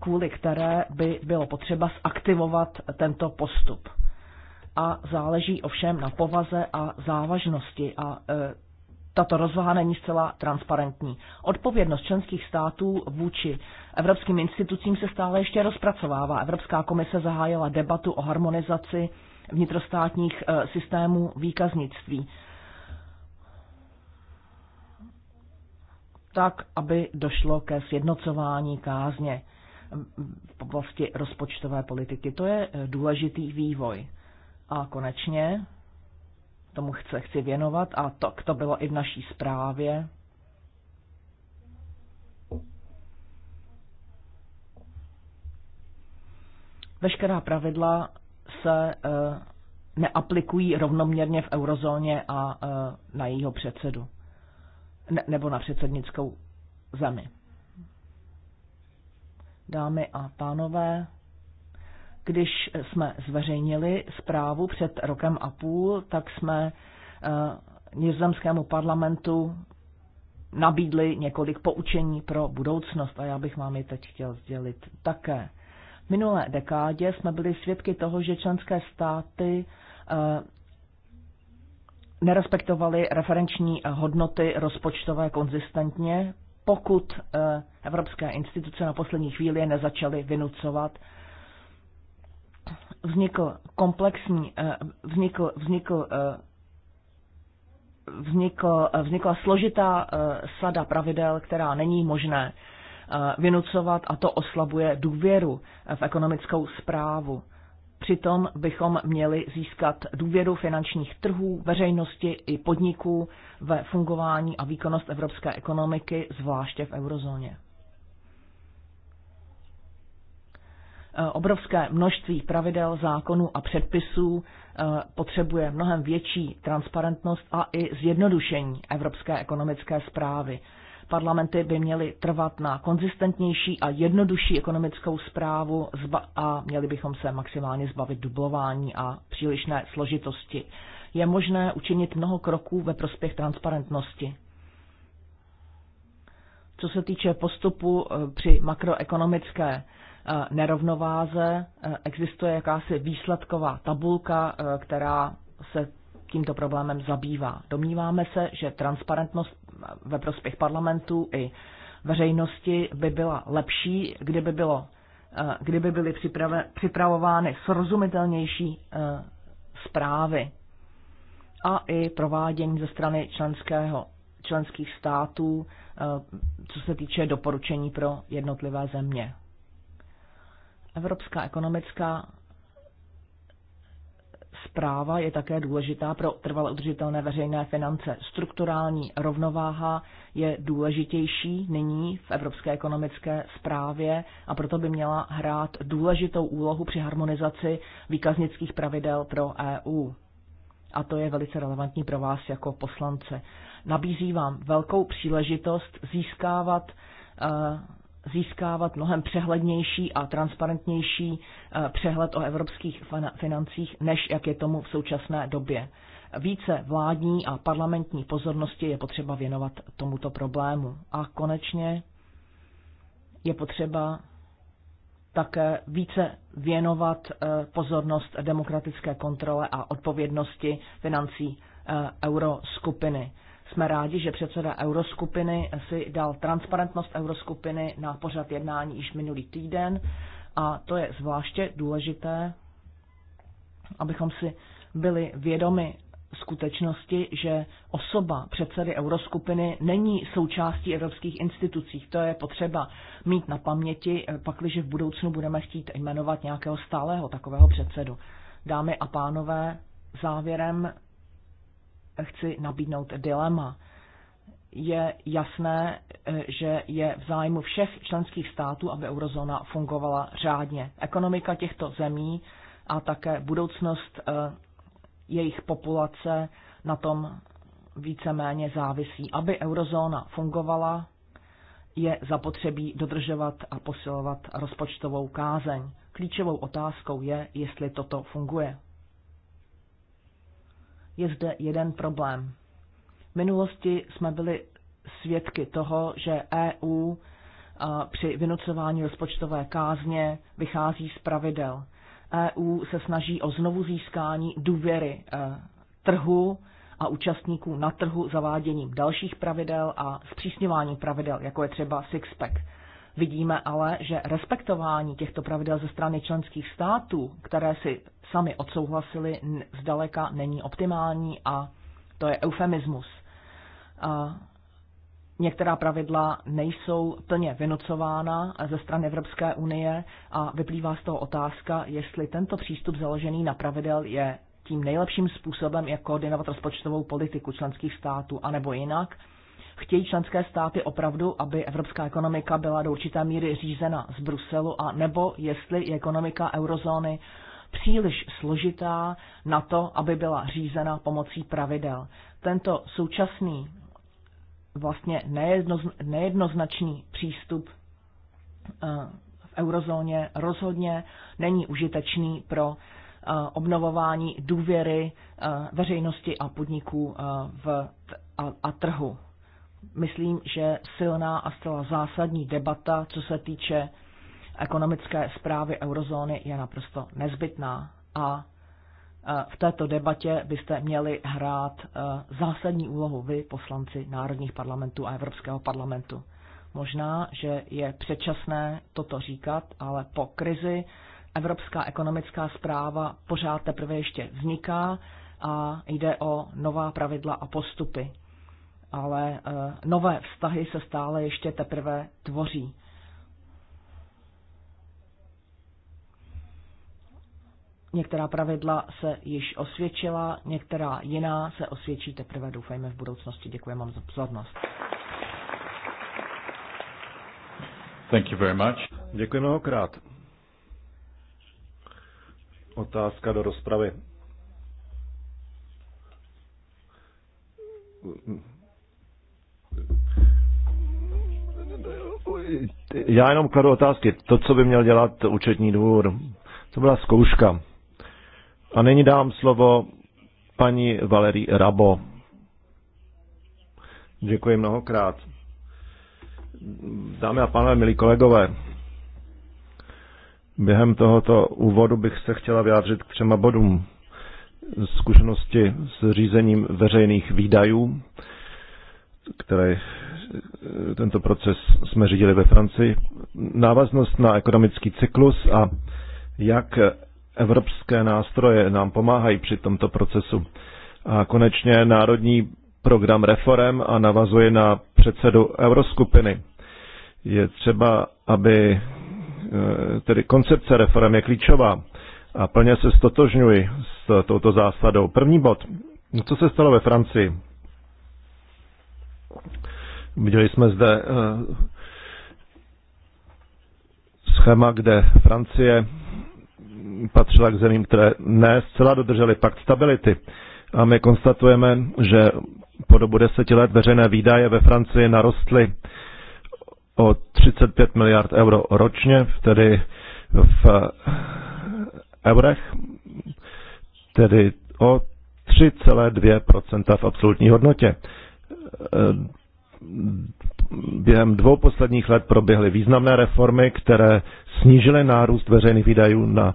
kvůli které by bylo potřeba zaktivovat tento postup. A záleží ovšem na povaze a závažnosti a e, tato rozvaha není zcela transparentní. Odpovědnost členských států vůči evropským institucím se stále ještě rozpracovává. Evropská komise zahájila debatu o harmonizaci vnitrostátních e, systémů výkaznictví. tak, aby došlo ke sjednocování kázně v oblasti rozpočtové politiky. To je eh, důležitý vývoj. A konečně tomu chce, chci věnovat a to, to bylo i v naší zprávě. Veškerá pravidla se eh, neaplikují rovnoměrně v eurozóně a eh, na jejího předsedu ne, nebo na předsednickou zemi. Dámy a pánové, když jsme zveřejnili zprávu před rokem a půl, tak jsme uh, nizozemskému parlamentu nabídli několik poučení pro budoucnost a já bych vám je teď chtěl sdělit také. V minulé dekádě jsme byli svědky toho, že členské státy eh, nerespektovali referenční hodnoty rozpočtové konzistentně, pokud eh, evropské instituce na poslední chvíli nezačaly vynucovat. Vznikl komplexní, eh, vznikl, vznikl, eh, vznikl, vznikla složitá sada pravidel, která není možné vynucovat a to oslabuje důvěru v ekonomickou zprávu. Přitom bychom měli získat důvěru finančních trhů, veřejnosti i podniků ve fungování a výkonnost evropské ekonomiky, zvláště v eurozóně. Eh, obrovské množství pravidel, zákonů a předpisů eh, potřebuje mnohem větší transparentnost a i zjednodušení evropské ekonomické zprávy parlamenty by měly trvat na konzistentnější a jednodušší ekonomickou zprávu a měli bychom se maximálně zbavit dublování a přílišné složitosti. Je možné učinit mnoho kroků ve prospěch transparentnosti. Co se týče postupu eh, při makroekonomické eh, nerovnováze, eh, existuje jakási výsledková tabulka, která se tímto problémem zabývá. Domníváme se, že transparentnost ve prospěch parlamentu i veřejnosti by byla lepší, kdyby, bylo, eh, kdyby byly připravovány srozumitelnější eh, zprávy a i provádění ze strany členského, členských států, eh, co se týče doporučení pro jednotlivé země. Evropská ekonomická zpráva je také důležitá pro trvale udržitelné veřejné finance. Strukturální rovnováha je důležitější nyní v evropské ekonomické zprávě a proto by měla hrát důležitou úlohu při harmonizaci výkaznických pravidel pro EU. A to je velice relevantní pro vás jako poslance. Nabízí vám velkou příležitost získávat eh, získávat mnohem přehlednější a transparentnější eh, přehled o evropských financích, než jak je tomu v současné době. Více vládní a parlamentní pozornosti je potřeba věnovat tomuto problému. A konečně je potřeba také více věnovat eh, pozornost demokratické kontrole a odpovědnosti financí eh, euroskupiny. Jsme rádi, že předseda Euroskupiny si dal transparentnost Euroskupiny na pořad jednání již minulý týden a to je zvláště důležité, abychom si byli vědomi skutečnosti, že osoba předsedy Euroskupiny není součástí evropských institucí. To je potřeba mít na paměti, pakliže v budoucnu budeme chtít jmenovat nějakého stálého takového předsedu. Dámy a pánové, závěrem chci nabídnout dilema. Je jasné, eh, že je v zájmu všech členských států, aby eurozóna fungovala řádně. Ekonomika těchto zemí a také budoucnost eh, jejich populace na tom víceméně závisí. Aby eurozóna fungovala, je zapotřebí dodržovat a posilovat rozpočtovou kázeň. Klíčovou otázkou je, jestli toto funguje je zde jeden problém. V minulosti jsme byli svědky toho, že EU při vynucování rozpočtové kázně vychází z pravidel. EU se snaží o znovu získání důvěry e, trhu a účastníků na trhu zaváděním dalších pravidel a zpřísňování pravidel, jako je třeba Sixpack. Vidíme ale, že respektování těchto pravidel ze strany členských států, které si sami odsouhlasili, zdaleka není optimální a to je eufemismus. A některá pravidla nejsou plně vynucována ze strany Evropské unie a vyplývá z toho otázka, jestli tento přístup založený na pravidel je tím nejlepším způsobem, jak koordinovat rozpočtovou politiku členských států, anebo jinak – Chtějí členské státy opravdu, aby evropská ekonomika byla do určité míry řízena z Bruselu, a nebo jestli je ekonomika eurozóny příliš složitá na to, aby byla řízena pomocí pravidel. Tento současný vlastně nejednoznačný přístup eh, v eurozóně rozhodně není užitečný pro eh, obnovování důvěry eh, veřejnosti a podniků v, a, a trhu myslím, že silná a zcela zásadní debata, co se týče ekonomické zprávy eurozóny, je naprosto nezbytná. A e, v této debatě byste měli hrát e, zásadní úlohu vy, poslanci národních parlamentů a Evropského parlamentu. Možná, že je předčasné toto říkat, ale po krizi evropská ekonomická zpráva pořád teprve ještě vzniká a jde o nová pravidla a postupy ale eh, nové vztahy se stále ještě teprve tvoří. Některá pravidla se již osvědčila, některá jiná se osvědčí teprve, doufejme, v budoucnosti. Děkuji vám za pozornost. Thank you very much. Děkuji mnohokrát. Otázka do rozpravy. já jenom kladu otázky. To, co by měl dělat účetní dvůr, to byla zkouška. A nyní dám slovo paní Valerii Rabo. Děkuji mnohokrát. Dámy a pánové, milí kolegové, během tohoto úvodu bych se chtěla vyjádřit k třema bodům. Zkušenosti s řízením veřejných výdajů, které tento proces jsme řídili ve Francii. Návaznost na ekonomický cyklus a jak evropské nástroje nám pomáhají při tomto procesu. A konečně národní program reform a navazuje na předsedu euroskupiny. Je třeba, aby eh, tedy koncepce reform je klíčová a plně se stotožňuji s touto zásadou. První bod. Co se stalo ve Francii? Viděli jsme zde eh, schéma, kde Francie patřila k zemím, které ne zcela dodržely pakt stability. A my konstatujeme, že po dobu deseti let veřejné výdaje ve Francii narostly o 35 miliard euro ročně, tedy v eurech, tedy o 3,2 v absolutní hodnotě. Eh, během dvou posledních let proběhly významné reformy, které snížily nárůst veřejných výdajů na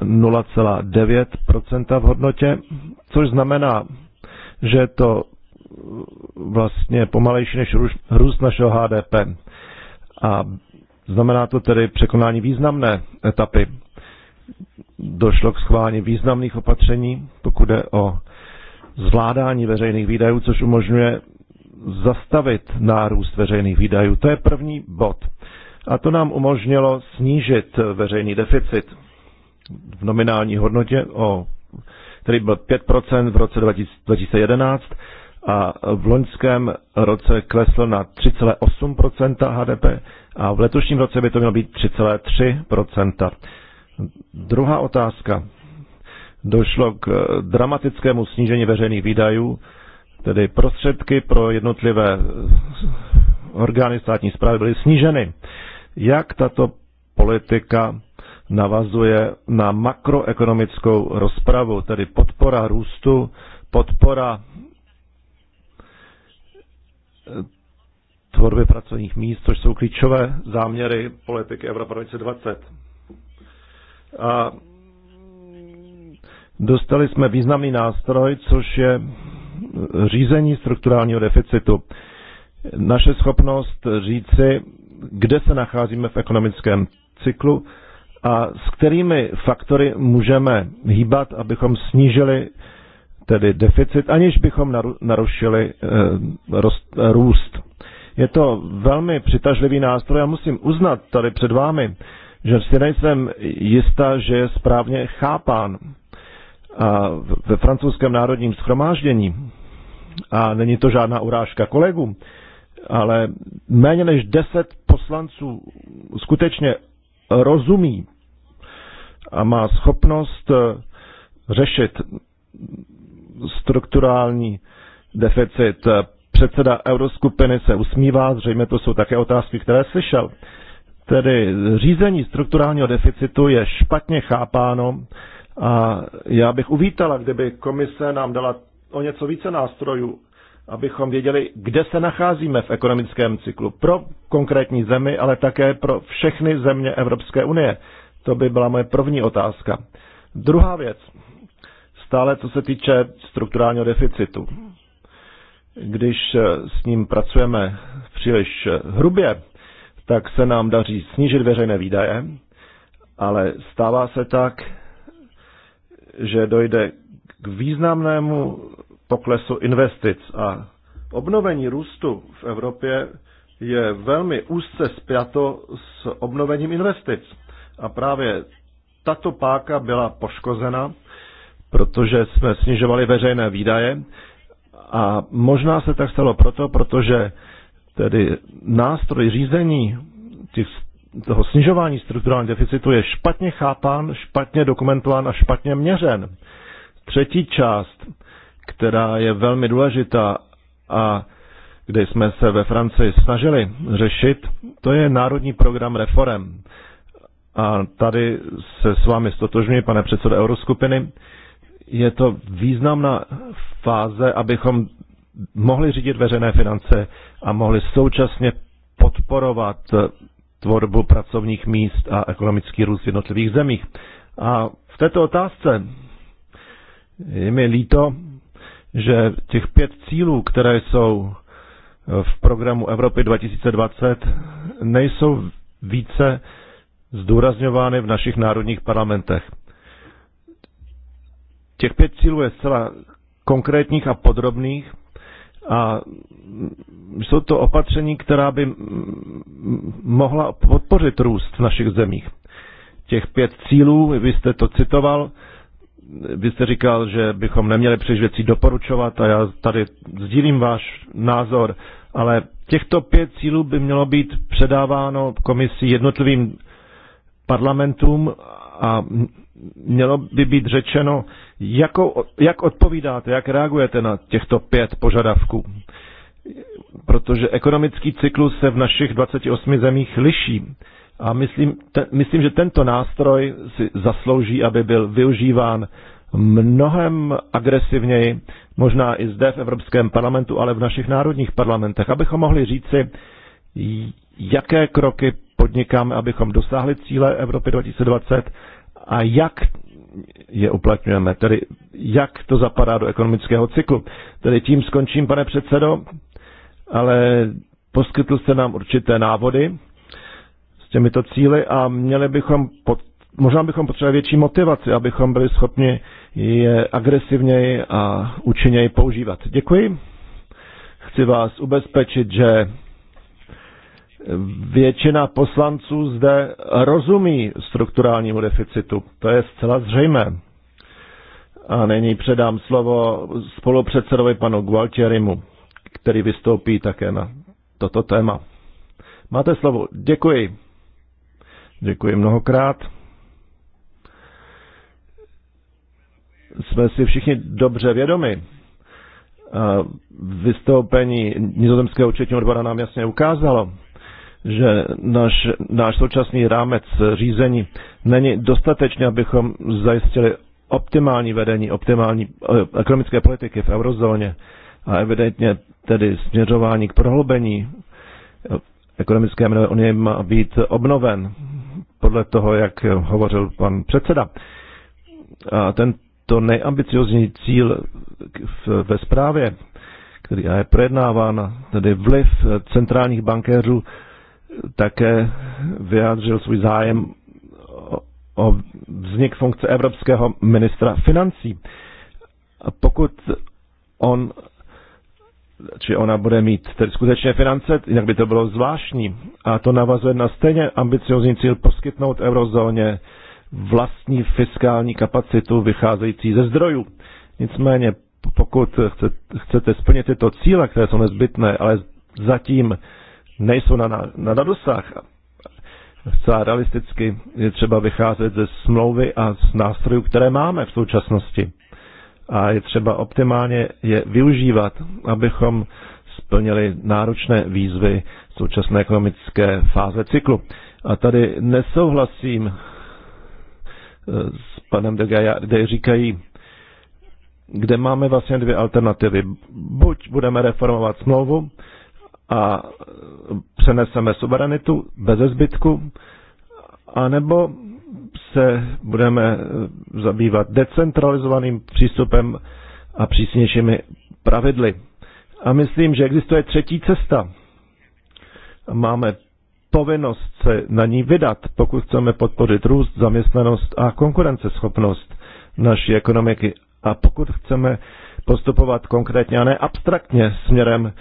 0,9 v hodnotě, což znamená, že je to vlastně pomalejší než růst našeho HDP. A znamená to tedy překonání významné etapy. Došlo k schválení významných opatření, pokud je o zvládání veřejných výdajů, což umožňuje zastavit nárůst veřejných výdajů. To je první bod. A to nám umožnilo snížit veřejný deficit v nominální hodnotě, o, který byl 5% v roce 2011 a v loňském roce klesl na 3,8% HDP a v letošním roce by to mělo být 3,3%. Druhá otázka. Došlo k dramatickému snížení veřejných výdajů tedy prostředky pro jednotlivé orgány státní zprávy byly sníženy. Jak tato politika navazuje na makroekonomickou rozpravu, tedy podpora růstu, podpora eh, tvorby pracovních míst, což jsou klíčové záměry politiky Evropa 2020. A dostali jsme významný nástroj, což je řízení strukturálního deficitu. Naše schopnost říci, kde se nacházíme v ekonomickém cyklu a s kterými faktory můžeme hýbat, abychom snížili tedy deficit, aniž bychom narušili eh, eh, růst. Je to velmi přitažlivý nástroj a musím uznat tady před vámi, že si nejsem jistá, že je správně chápán a ve francouzském národním schromáždění, a není to žádná urážka kolegům, ale méně než deset poslanců skutečně rozumí a má schopnost eh, řešit strukturální deficit. Předseda euroskupiny se usmívá, zřejmě to jsou také otázky, které slyšel. Tedy řízení strukturálního deficitu je špatně chápáno a já bych uvítala, kdyby komise nám dala o něco více nástrojů, abychom věděli, kde se nacházíme v ekonomickém cyklu pro konkrétní zemi, ale také pro všechny země Evropské unie. To by byla moje první otázka. Druhá věc, stále co se týče strukturálního deficitu. Když s ním pracujeme příliš hrubě, tak se nám daří snížit veřejné výdaje, ale stává se tak, že dojde k významnému poklesu investic a obnovení růstu v Evropě je velmi úzce spjato s obnovením investic. A právě tato páka byla poškozena, protože jsme snižovali veřejné výdaje a možná se tak stalo proto, protože tedy nástroj řízení těch toho snižování strukturálního deficitu je špatně chápán, špatně dokumentován a špatně měřen. Třetí část, která je velmi důležitá a kde jsme se ve Francii snažili řešit, to je Národní program reform. A tady se s vámi stotožňuji, pane předsedo Euroskupiny. Je to významná fáze, abychom mohli řídit veřejné finance a mohli současně podporovat tvorbu pracovních míst a ekonomický růst v jednotlivých zemích. A v této otázce je mi líto, že těch pět cílů, které jsou v programu Evropy 2020, nejsou více zdůrazňovány v našich národních parlamentech. Těch pět cílů je zcela konkrétních a podrobných a jsou to opatření, která by mohla podpořit růst v našich zemích. Těch pět cílů, vy jste to citoval, vy jste říkal, že bychom neměli příliš věcí doporučovat a já tady sdílím váš názor, ale těchto pět cílů by mělo být předáváno komisí jednotlivým parlamentům a mělo by být řečeno, jako, jak odpovídáte, jak reagujete na těchto pět požadavků? Protože ekonomický cyklus se v našich 28 zemích liší. A myslím, te, myslím, že tento nástroj si zaslouží, aby byl využíván mnohem agresivněji, možná i zde v Evropském parlamentu, ale v našich národních parlamentech, abychom mohli říci, jaké kroky podnikáme, abychom dosáhli cíle Evropy 2020 a jak je uplatňujeme. Tedy jak to zapadá do ekonomického cyklu. Tedy tím skončím, pane předsedo, ale poskytl jste nám určité návody s těmito cíly a měli bychom pod, možná bychom potřebovali větší motivaci, abychom byli schopni je agresivněji a účinněji používat. Děkuji. Chci vás ubezpečit, že většina poslanců zde rozumí strukturálnímu deficitu. To je zcela zřejmé. A nyní předám slovo spolupředsedovi panu Gualtierimu, který vystoupí také na toto téma. Máte slovo. Děkuji. Děkuji mnohokrát. Jsme si všichni dobře vědomi. Vystoupení nizozemského účetního dvora nám jasně ukázalo, že náš, náš současný rámec řízení není dostatečný, abychom zajistili optimální vedení, optimální eh, ekonomické politiky v eurozóně a evidentně tedy směřování k prohlubení eh, ekonomické měnové unie má být obnoven podle toho, jak hovořil pan předseda. A tento nejambiciozní cíl ve zprávě, který je projednáván, tedy vliv centrálních bankéřů také vyjádřil svůj zájem o vznik funkce evropského ministra financí. A pokud on či ona bude mít tedy skutečně finance, jinak by to bylo zvláštní. A to navazuje na stejně ambiciozní cíl poskytnout eurozóně vlastní fiskální kapacitu vycházející ze zdrojů. Nicméně, pokud chcete splnit tyto cíle, které jsou nezbytné, ale zatím nejsou na, na, na dosah. Zcela realisticky je třeba vycházet ze smlouvy a z nástrojů, které máme v současnosti. A je třeba optimálně je využívat, abychom splnili náročné výzvy současné ekonomické fáze cyklu. A tady nesouhlasím eh, s panem de Gaia, kde říkají, kde máme vlastně dvě alternativy. Buď budeme reformovat smlouvu, a přeneseme suverenitu bez zbytku, anebo se budeme zabývat decentralizovaným přístupem a přísnějšími pravidly. A myslím, že existuje třetí cesta. Máme povinnost se na ní vydat, pokud chceme podpořit růst, zaměstnanost a konkurenceschopnost naší ekonomiky. A pokud chceme postupovat konkrétně a ne abstraktně směrem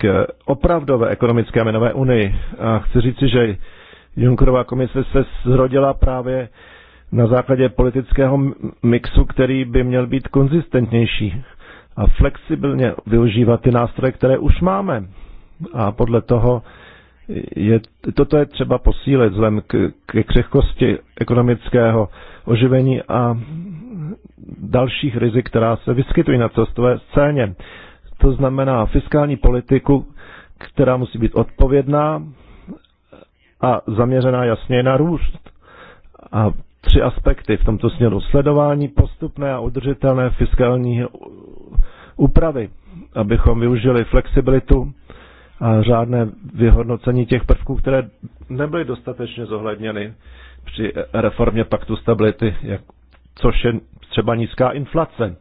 k opravdové ekonomické a měnové unii. A chci říci, že Junckerová komise se zrodila právě na základě politického mixu, který by měl být konzistentnější a flexibilně využívat ty nástroje, které už máme. A podle toho je, toto je třeba posílit vzhledem k, k křehkosti ekonomického oživení a dalších rizik, která se vyskytují na cestové scéně to znamená fiskální politiku, která musí být odpovědná a zaměřená jasně na růst. A tři aspekty v tomto směru. Sledování postupné a udržitelné fiskální úpravy, abychom využili flexibilitu a řádné vyhodnocení těch prvků, které nebyly dostatečně zohledněny při reformě paktu stability, jak, což je třeba nízká inflace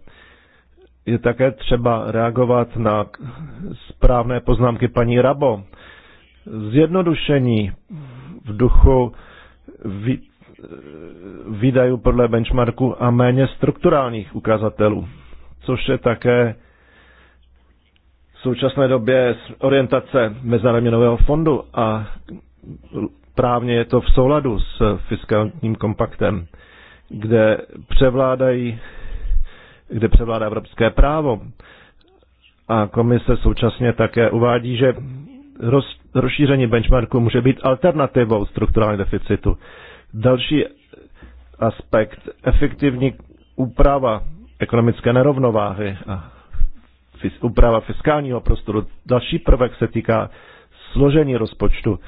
je také třeba reagovat na správné poznámky paní Rabo. Zjednodušení v duchu výdajů podle benchmarku a méně strukturálních ukazatelů, což je také v současné době orientace Mezinárodního fondu a právně je to v souladu s fiskálním kompaktem, kde převládají kde převládá evropské právo. A komise současně také uvádí, že roz, rozšíření benchmarku může být alternativou strukturální deficitu. Další aspekt, efektivní úprava ekonomické nerovnováhy a úprava fiskálního prostoru. Další prvek se týká složení rozpočtu,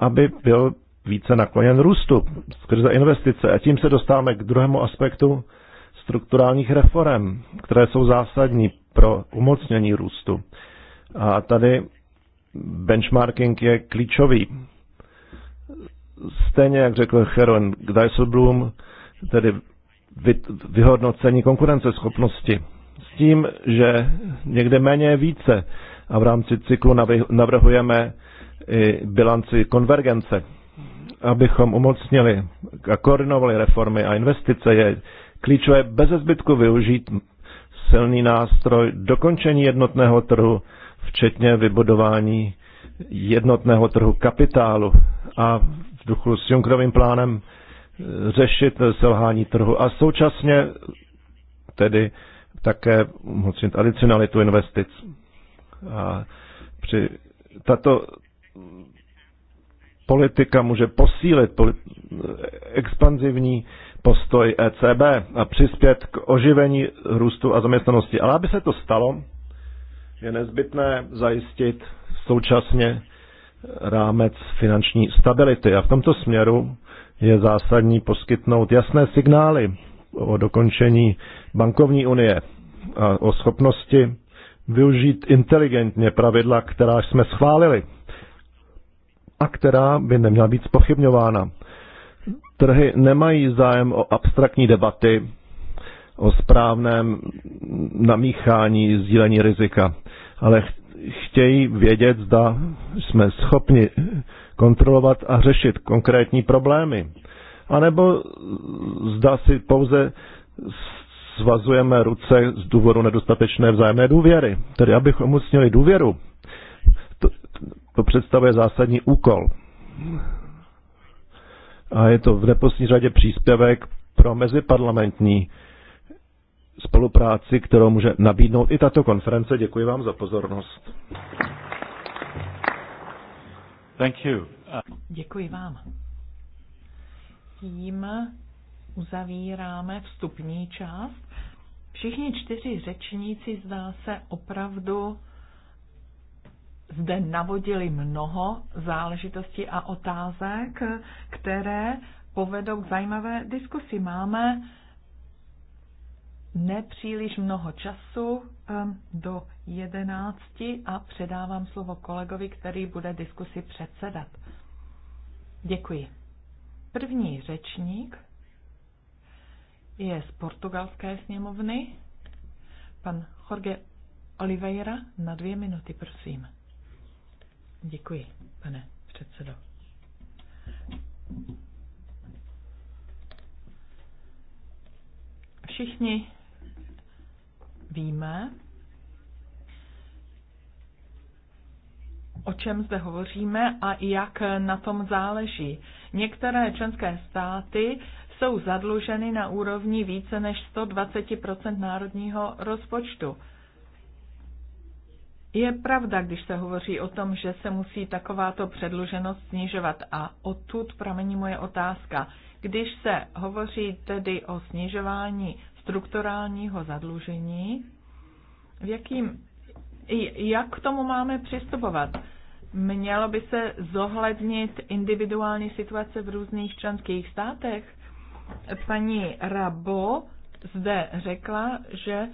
aby byl více nakloněn růstu skrze investice. A tím se dostáváme k druhému aspektu, strukturálních reform, které jsou zásadní pro umocnění růstu. A tady benchmarking je klíčový. Stejně jak řekl Heron Dijsselbloom, tedy vyhodnocení konkurenceschopnosti. S tím, že někde méně je více a v rámci cyklu navrhujeme i bilanci konvergence, abychom umocnili a koordinovali reformy a investice je klíčové bez zbytku využít silný nástroj dokončení jednotného trhu, včetně vybudování jednotného trhu kapitálu a v duchu s Junckerovým plánem řešit selhání trhu a současně tedy také umocnit adicionalitu investic. A při tato politika může posílit expanzivní postoj ECB a přispět k oživení růstu a zaměstnanosti. Ale aby se to stalo, je nezbytné zajistit současně rámec finanční stability. A v tomto směru je zásadní poskytnout jasné signály o dokončení bankovní unie a o schopnosti využít inteligentně pravidla, která jsme schválili a která by neměla být spochybňována trhy nemají zájem o abstraktní debaty, o správném namíchání, sdílení rizika, ale chtějí vědět, zda jsme schopni kontrolovat a řešit konkrétní problémy. A nebo zda si pouze svazujeme ruce z důvodu nedostatečné vzájemné důvěry. Tedy abychom umocnili důvěru, to, to představuje zásadní úkol a je to v neposlední řadě příspěvek pro meziparlamentní spolupráci, kterou může nabídnout i tato konference. Děkuji vám za pozornost. Thank you. Děkuji vám. Tím uzavíráme vstupní část. Všichni čtyři řečníci zdá se opravdu zde navodili mnoho záležitostí a otázek, které povedou k zajímavé diskusi. Máme nepříliš mnoho času do jedenácti a předávám slovo kolegovi, který bude diskusi předsedat. Děkuji. První řečník je z portugalské sněmovny, pan Jorge Oliveira, na dvě minuty, prosím. Děkuji, pane předsedo. Všichni víme, o čem zde hovoříme a jak na tom záleží. Některé členské státy jsou zadluženy na úrovni více než 120 národního rozpočtu. Je pravda, když se hovoří o tom, že se musí takováto předluženost snižovat a odtud pramení moje otázka. Když se hovoří tedy o snižování strukturálního zadlužení, v jakým, jak k tomu máme přistupovat? Mělo by se zohlednit individuální situace v různých členských státech? Paní Rabo zde řekla, že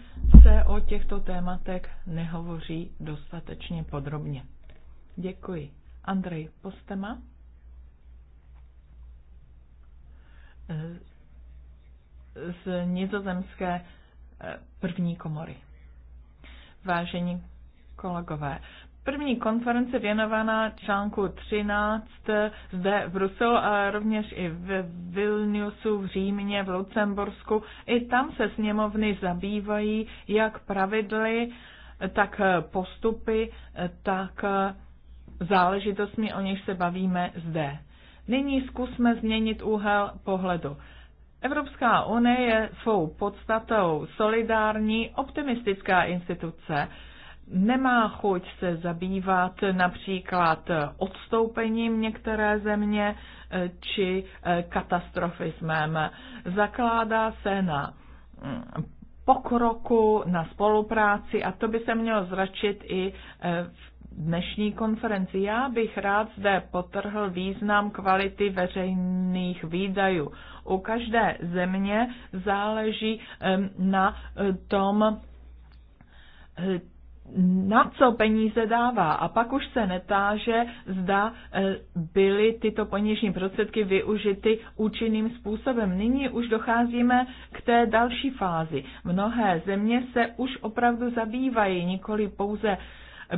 se o těchto tématech nehovoří dostatečně podrobně. Děkuji. Andrej Postema. Z nizozemské eh, první komory. Vážení kolegové, První konference věnovaná článku 13 zde v Bruselu a rovněž i v Vilniusu, v Římě, v Lucembursku. I tam se sněmovny zabývají jak pravidly, tak postupy, tak záležitostmi, o něž se bavíme zde. Nyní zkusme změnit úhel pohledu. Evropská unie je svou podstatou solidární, optimistická instituce nemá chuť se zabývat například odstoupením některé země eh, či eh, katastrofismem. Zakládá se na mm, pokroku, na spolupráci a to by se mělo zračit i eh, v dnešní konferenci. Já bych rád zde potrhl význam kvality veřejných výdajů. U každé země záleží na tom, na co peníze dává. A pak už se netáže, zda e, byly tyto peněžní prostředky využity účinným způsobem. Nyní už docházíme k té další fázi. Mnohé země se už opravdu zabývají nikoli pouze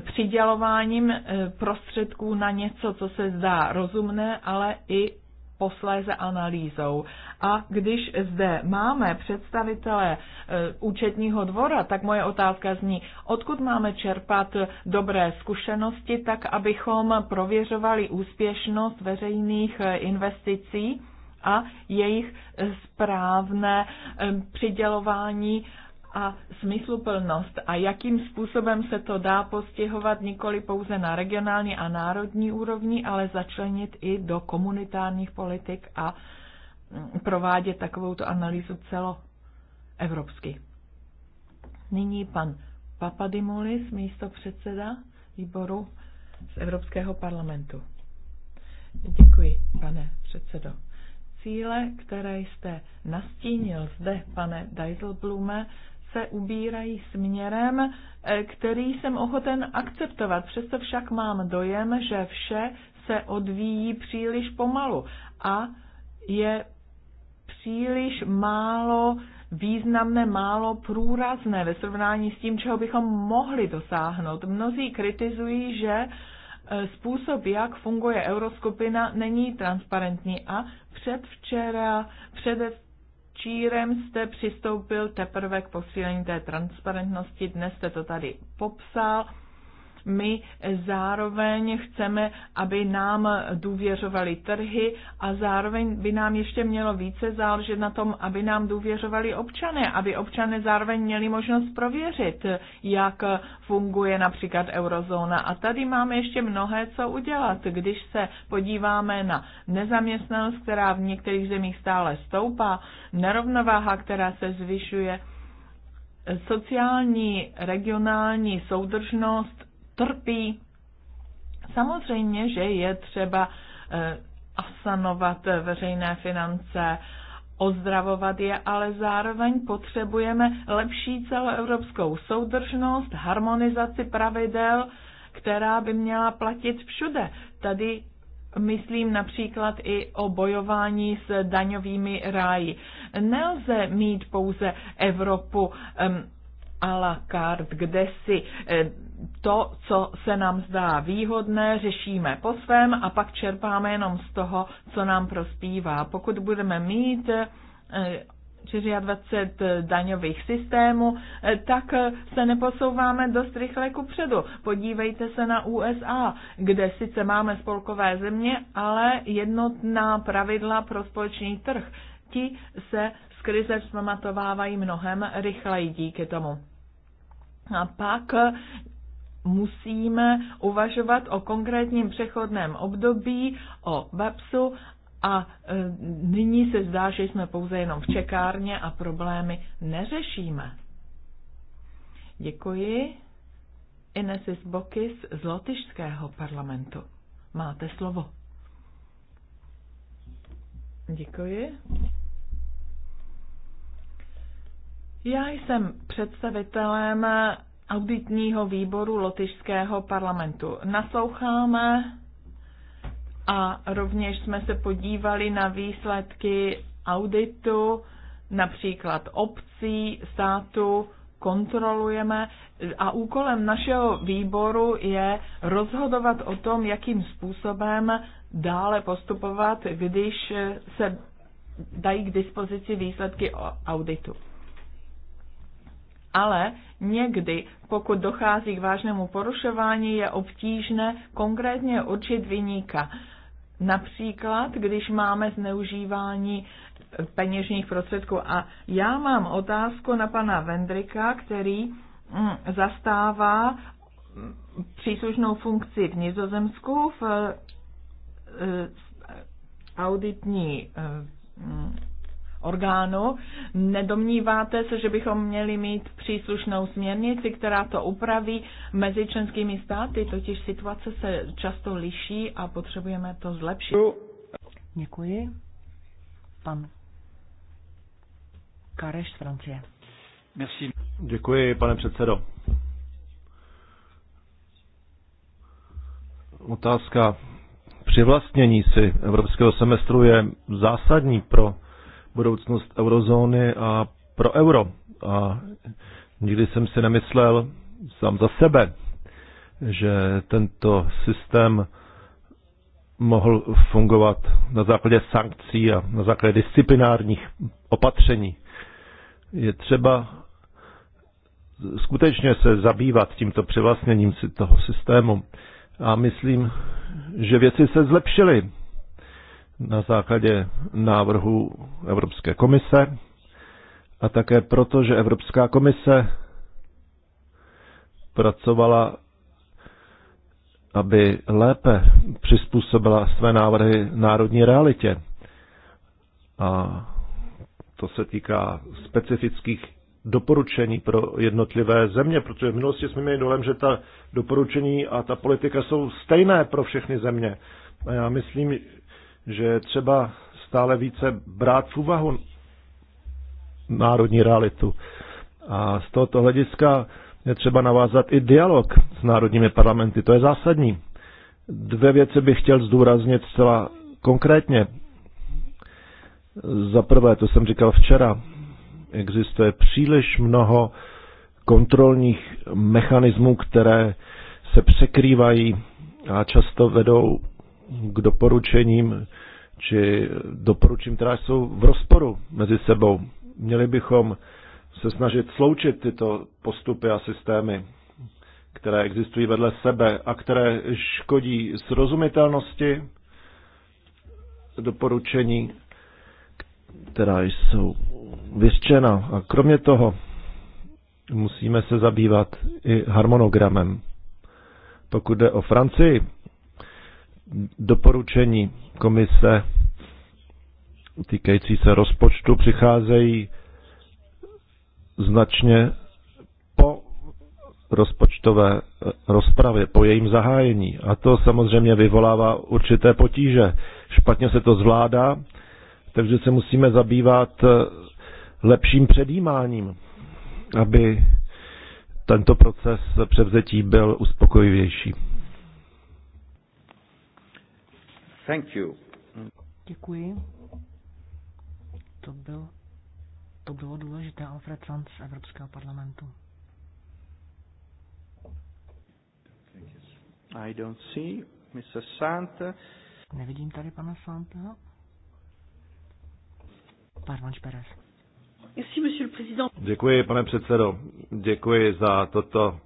přidělováním e, prostředků na něco, co se zdá rozumné, ale i posléze analýzou. A když zde máme představitele e, účetního dvora, tak moje otázka zní, odkud máme čerpat dobré zkušenosti, tak abychom prověřovali úspěšnost veřejných e, investicí a jejich e, správné přidělování a smysluplnost a jakým způsobem se to dá postihovat nikoli pouze na regionální a národní úrovni, ale začlenit i do komunitárních politik a mm, provádět takovou tu analýzu celoevropsky. Nyní pan Papadimulis, místo předseda výboru z Evropského parlamentu. Děkuji, pane předsedo cíle, které jste nastínil zde, pane Dijsselblume, se ubírají směrem, eh, který jsem ochoten akceptovat. Přesto však mám dojem, že vše se odvíjí příliš pomalu a je příliš málo významné, málo průrazné ve srovnání s tím, čeho bychom mohli dosáhnout. Mnozí kritizují, že eh, způsob, jak funguje euroskupina, není transparentní a předvčera, přede Čírem jste přistoupil teprve k posílení té transparentnosti, dnes jste to tady popsal my zároveň chceme, aby nám důvěřovali trhy a zároveň by nám ještě mělo více záležet na tom, aby nám důvěřovali občané, aby občané zároveň měli možnost prověřit, jak funguje například eurozóna. A tady máme ještě mnohé co udělat. Když se podíváme na nezaměstnanost, která v některých zemích stále stoupá, nerovnováha, která se zvyšuje, sociální, regionální soudržnost trpí. Samozřejmě, že je třeba eh, asanovat veřejné finance, ozdravovat je, ale zároveň potřebujeme lepší celoevropskou soudržnost, harmonizaci pravidel, která by měla platit všude. Tady myslím například i o bojování s daňovými ráji. Nelze mít pouze Evropu um, a la carte, kde si eh, to, co se nám zdá výhodné, řešíme po svém a pak čerpáme jenom z toho, co nám prospívá. Pokud budeme mít 24 eh, daňových systémů, eh, tak se neposouváme dost rychle ku předu. Podívejte se na USA, kde sice máme spolkové země, ale jednotná pravidla pro společný trh. Ti se z krize vzpamatovávají mnohem rychleji díky tomu. A pak eh, musíme uvažovat o konkrétním přechodném období, o VAPSu a eh, nyní se zdá, že jsme pouze jenom v čekárně a problémy neřešíme. Děkuji. Inesis Bokis z Lotyšského parlamentu. Máte slovo. Děkuji. Já jsem představitelem auditního výboru lotyšského parlamentu. Nasloucháme a rovněž jsme se podívali na výsledky auditu například obcí, státu, kontrolujeme a úkolem našeho výboru je rozhodovat o tom, jakým způsobem dále postupovat, když se dají k dispozici výsledky auditu ale někdy, pokud dochází k vážnému porušování, je obtížné konkrétně určit vyníka. Například, když máme zneužívání peněžních prostředků. A já mám otázku na pana Vendrika, který mm, zastává mm, příslušnou funkci v Nizozemsku v e, e, auditní e, mm, orgánu. Nedomníváte se, že bychom měli mít příslušnou směrnici, která to upraví mezi členskými státy, totiž situace se často liší a potřebujeme to zlepšit. Děkuji. Pan Kareš z Francie. Merci. Děkuji, pane předsedo. Otázka přivlastnění si evropského semestru je zásadní pro budoucnost eurozóny a pro euro. A nikdy jsem si nemyslel sám za sebe, že tento systém mohl fungovat na základě sankcí a na základě disciplinárních opatření. Je třeba skutečně se zabývat tímto převlastněním si toho systému. A myslím, že věci se zlepšily na základě návrhu Evropské komise a také proto, že Evropská komise pracovala, aby lépe přizpůsobila své návrhy národní realitě. A to se týká specifických doporučení pro jednotlivé země, protože v minulosti jsme měli dolem, že ta doporučení a ta politika jsou stejné pro všechny země. A já myslím, že je třeba stále více brát v úvahu národní realitu. A z tohoto hlediska je třeba navázat i dialog s národními parlamenty. To je zásadní. Dvě věci bych chtěl zdůraznit zcela konkrétně. Za prvé, to jsem říkal včera, existuje příliš mnoho kontrolních mechanismů, které se překrývají a často vedou k doporučením či doporučím, která jsou v rozporu mezi sebou. Měli bychom se snažit sloučit tyto postupy a systémy, které existují vedle sebe a které škodí srozumitelnosti doporučení, která jsou vyřčena. A kromě toho musíme se zabývat i harmonogramem. Pokud jde o Francii, doporučení komise týkající se rozpočtu přicházejí značně po rozpočtové eh, rozpravě, po jejím zahájení. A to samozřejmě vyvolává určité potíže. Špatně se to zvládá, takže se musíme zabývat eh, lepším předjímáním, aby tento proces převzetí byl uspokojivější. Thank you. Děkuji. To, byl, to bylo důležité, Alfred Sanz z Evropského parlamentu. I don't see Mr. Sant. Nevidím tady pana Santa. Pardon, Perez. Děkuji, pane předsedo. Děkuji za toto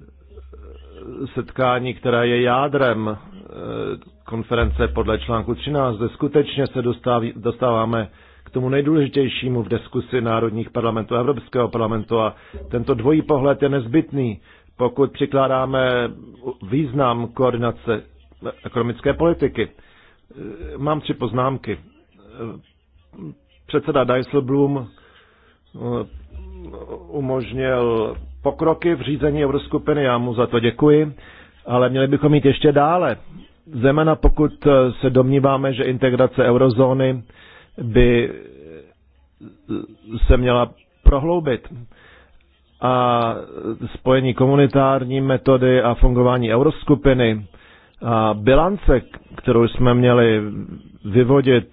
eh, setkání, které je jádrem Eh, konference podle článku 13, kde skutečně se dostáví, dostáváme k tomu nejdůležitějšímu v diskusi národních parlamentů a Evropského parlamentu a tento dvojí pohled je nezbytný, pokud přikládáme význam koordinace ekonomické politiky. Eh, mám tři poznámky. Eh, předseda Dijsselbloom umožnil pokroky v řízení Euroskupiny, já mu za to děkuji ale měli bychom jít ještě dále. Zemena, pokud eh, se domníváme, že integrace eurozóny by eh, se měla prohloubit a spojení komunitární metody a fungování euroskupiny a bilance, kterou jsme měli vyvodit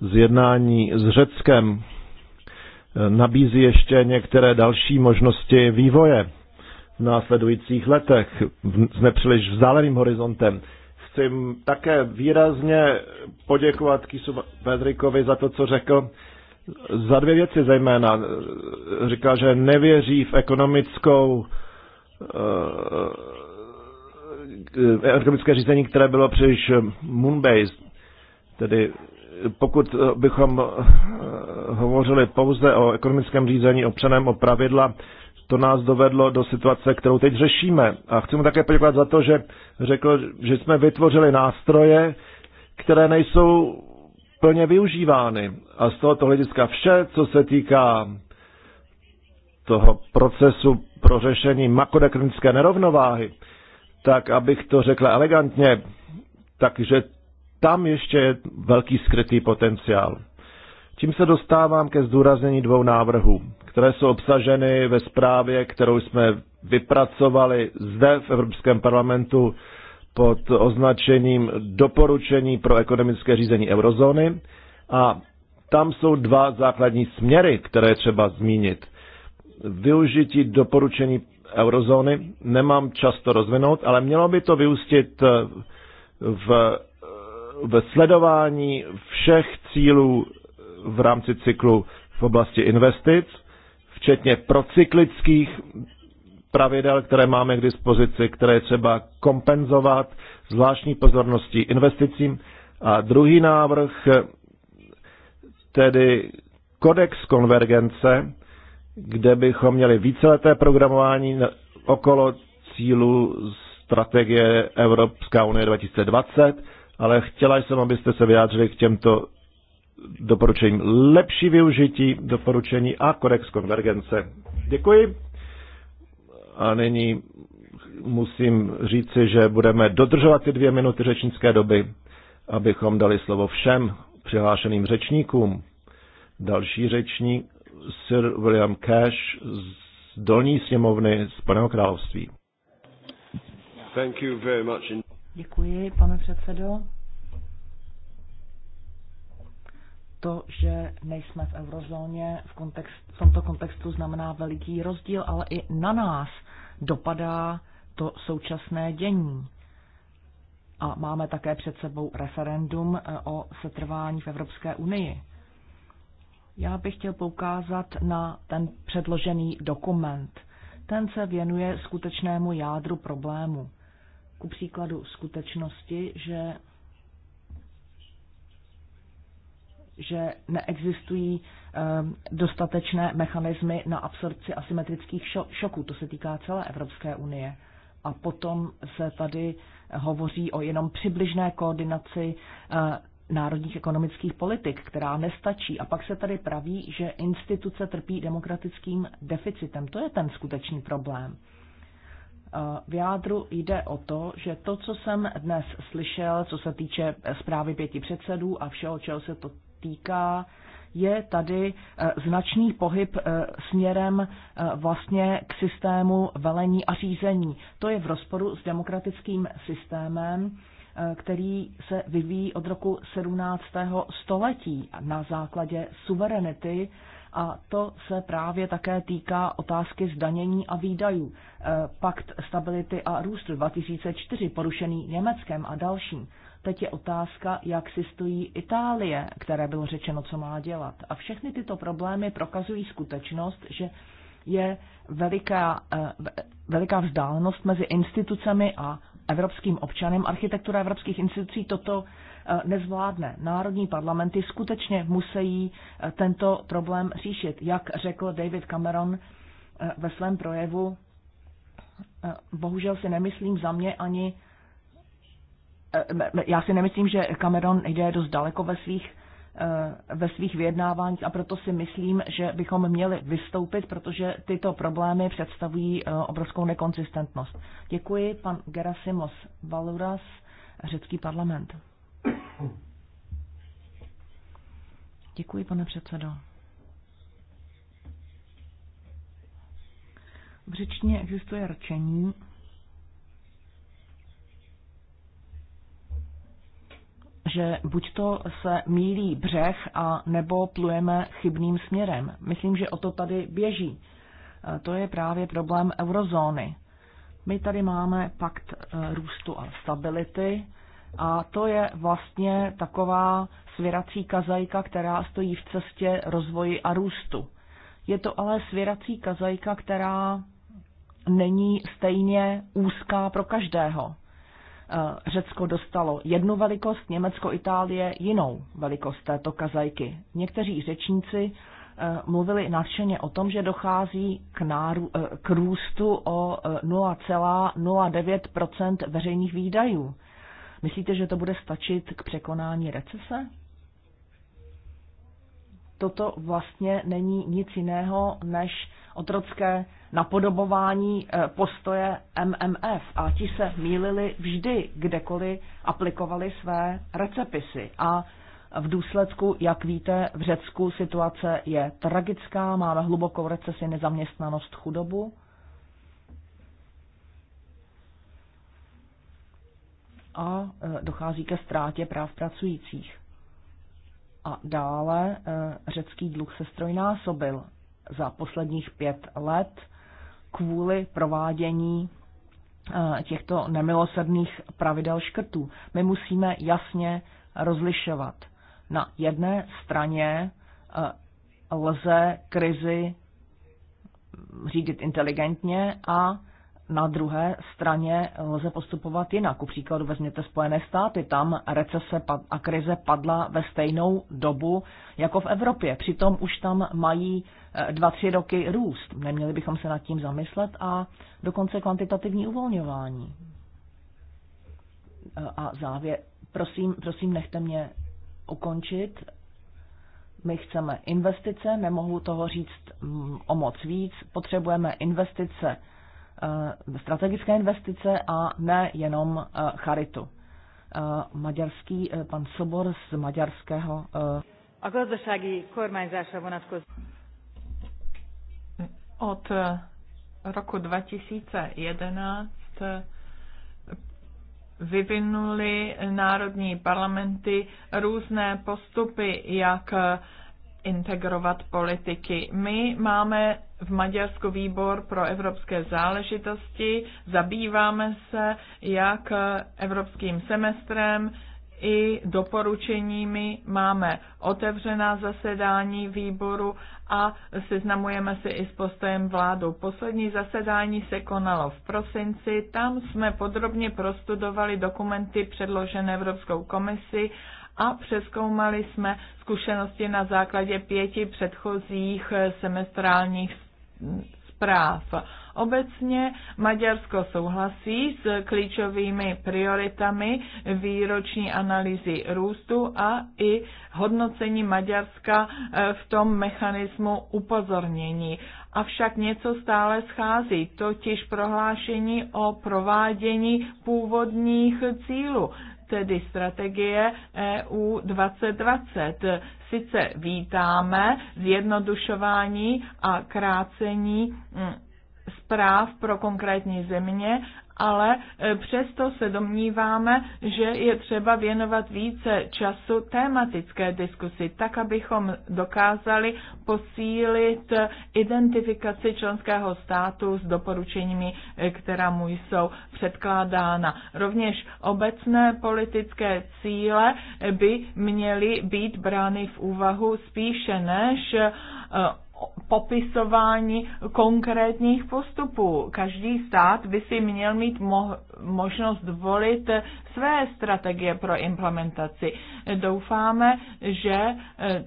z jednání s Řeckem, eh, nabízí ještě některé další možnosti vývoje v následujících letech s nepříliš vzdáleným horizontem. Chci také výrazně poděkovat Kisu Bedrikovi za to, co řekl. Za dvě věci zejména. Říkal, že nevěří v ekonomickou eh, ekonomické řízení, které bylo příliš moon-based, tedy pokud bychom eh, hovořili pouze o ekonomickém řízení opřeném o pravidla, to nás dovedlo do situace, kterou teď řešíme. A chci mu také poděkovat za to, že řekl, že jsme vytvořili nástroje, které nejsou plně využívány. A z tohoto hlediska vše, co se týká toho procesu pro řešení makroekonomické nerovnováhy, tak abych to řekl elegantně, takže tam ještě je velký skrytý potenciál. Tím se dostávám ke zdůraznění dvou návrhů, které jsou obsaženy ve zprávě, kterou jsme vypracovali zde v Evropském parlamentu pod označením doporučení pro ekonomické řízení eurozóny. A tam jsou dva základní směry, které třeba zmínit. Využití doporučení eurozóny nemám často rozvinout, ale mělo by to vyústit v, v sledování všech cílů v rámci cyklu v oblasti investic, včetně procyklických pravidel, které máme k dispozici, které je třeba kompenzovat zvláštní pozorností investicím. A druhý návrh, tedy kodex konvergence, kde bychom měli víceleté programování okolo cílu strategie Evropská unie 2020, ale chtěla jsem, abyste se vyjádřili k těmto doporučením lepší využití doporučení a kodex konvergence. Děkuji. A nyní musím říci, že budeme dodržovat ty dvě minuty řečnické doby, abychom dali slovo všem přihlášeným řečníkům. Další řečník Sir William Cash z Dolní sněmovny Spojeného království. Děkuji, pane předsedo. to, že nejsme v eurozóně v, kontext, v tomto kontextu znamená veliký rozdíl, ale i na nás dopadá to současné dění. A máme také před sebou referendum eh, o setrvání v Evropské unii. Já bych chtěl poukázat na ten předložený dokument. Ten se věnuje skutečnému jádru problému. Ku příkladu skutečnosti, že že neexistují eh, dostatečné mechanismy na absorpci asymetrických šoků. To se týká celé Evropské unie. A potom se tady hovoří o jenom přibližné koordinaci eh, národních ekonomických politik, která nestačí. A pak se tady praví, že instituce trpí demokratickým deficitem. To je ten skutečný problém. Eh, v jádru jde o to, že to, co jsem dnes slyšel, co se týče zprávy pěti předsedů a všeho, čeho se to týká, je tady eh, značný pohyb eh, směrem eh, vlastně k systému velení a řízení. To je v rozporu s demokratickým systémem, který se vyvíjí od roku 17. století na základě suverenity a to se právě také týká otázky zdanění a výdajů. Pakt stability a růstu 2004 porušený Německem a dalším. Teď je otázka, jak si stojí Itálie, které bylo řečeno, co má dělat. A všechny tyto problémy prokazují skutečnost, že je veliká, eh, veliká vzdálenost mezi institucemi a evropským občanem. Architektura evropských institucí toto eh, nezvládne. Národní parlamenty skutečně musí eh, tento problém řešit. Jak řekl David Cameron ve svém projevu, bohužel si nemyslím za mě ani Eh, já si nemyslím, že Cameron jde dost daleko ve svých, eh, ve svých vyjednáváních a proto si myslím, že bychom měli vystoupit, protože tyto problémy představují eh, obrovskou nekonsistentnost. Děkuji, pan Gerasimos Valuras, řecký parlament. Děkuji, pane předsedo. V řečtině existuje rčení, že buď to se mílí břeh a nebo plujeme chybným směrem. Myslím, že o to tady běží. E, to je právě problém eurozóny. My tady máme pakt e, růstu a stability a to je vlastně taková svěrací kazajka, která stojí v cestě rozvoji a růstu. Je to ale svěrací kazajka, která není stejně úzká pro každého. Eh, Řecko dostalo jednu velikost, Německo, Itálie jinou velikost této kazajky. Někteří řečníci eh, mluvili nadšeně o tom, že dochází k, náru, eh, k růstu o 0,09 veřejných výdajů. Myslíte, že to bude stačit k překonání recese? Toto vlastně není nic jiného než otrocké napodobování eh, postoje MMF a ti se mýlili vždy, kdekoliv aplikovali své recepisy a v důsledku, jak víte, v Řecku situace je tragická, máme hlubokou recesi, nezaměstnanost, chudobu. A eh, dochází ke ztrátě práv pracujících. A dále eh, řecký dluh se strojnásobil za posledních pět let kvůli provádění eh, těchto nemilosrdných pravidel škrtů. My musíme jasně rozlišovat. Na jedné straně eh, lze krizi řídit inteligentně a na druhé straně lze postupovat jinak. U příkladu vezměte Spojené státy, tam recese a krize padla ve stejnou dobu jako v Evropě. Přitom už tam mají eh, dva, tři roky růst. Neměli bychom se nad tím zamyslet a dokonce kvantitativní uvolňování. Eh, a závěr, prosím, prosím, nechte mě ukončit. My chceme investice, nemohu toho říct mm, o moc víc, potřebujeme investice Eh, strategické investice a ne jenom eh, charitu. Eh, maďarský pan Sobor z maďarského. A gazdasági kormányzásra vonatkozó. Od roku 2011 vyvinuli národní parlamenty různé postupy, jak integrovat politiky. My máme v Maďarsku výbor pro evropské záležitosti, zabýváme se jak evropským semestrem, i doporučeními máme otevřená zasedání výboru a seznamujeme se i s postojem vládou. Poslední zasedání se konalo v prosinci, tam jsme podrobně prostudovali dokumenty předložené Evropskou komisi a přeskoumali jsme zkušenosti na základě pěti předchozích semestrálních zpráv. Obecně Maďarsko souhlasí s klíčovými prioritami výroční analýzy růstu a i hodnocení Maďarska eh, v tom mechanismu upozornění. Avšak něco stále schází, totiž prohlášení o provádění původních cílů tedy strategie EU 2020. Sice vítáme zjednodušování a krácení mm, zpráv pro konkrétní země, ale e, přesto se domníváme, že je třeba věnovat více času tématické diskusi, tak abychom dokázali posílit identifikaci členského státu s doporučeními, e, která mu jsou předkládána. Rovněž obecné politické cíle by měly být brány v úvahu spíše než e, popisování konkrétních postupů. Každý stát by si měl mít mo- možnost volit své strategie pro implementaci. Doufáme, že eh,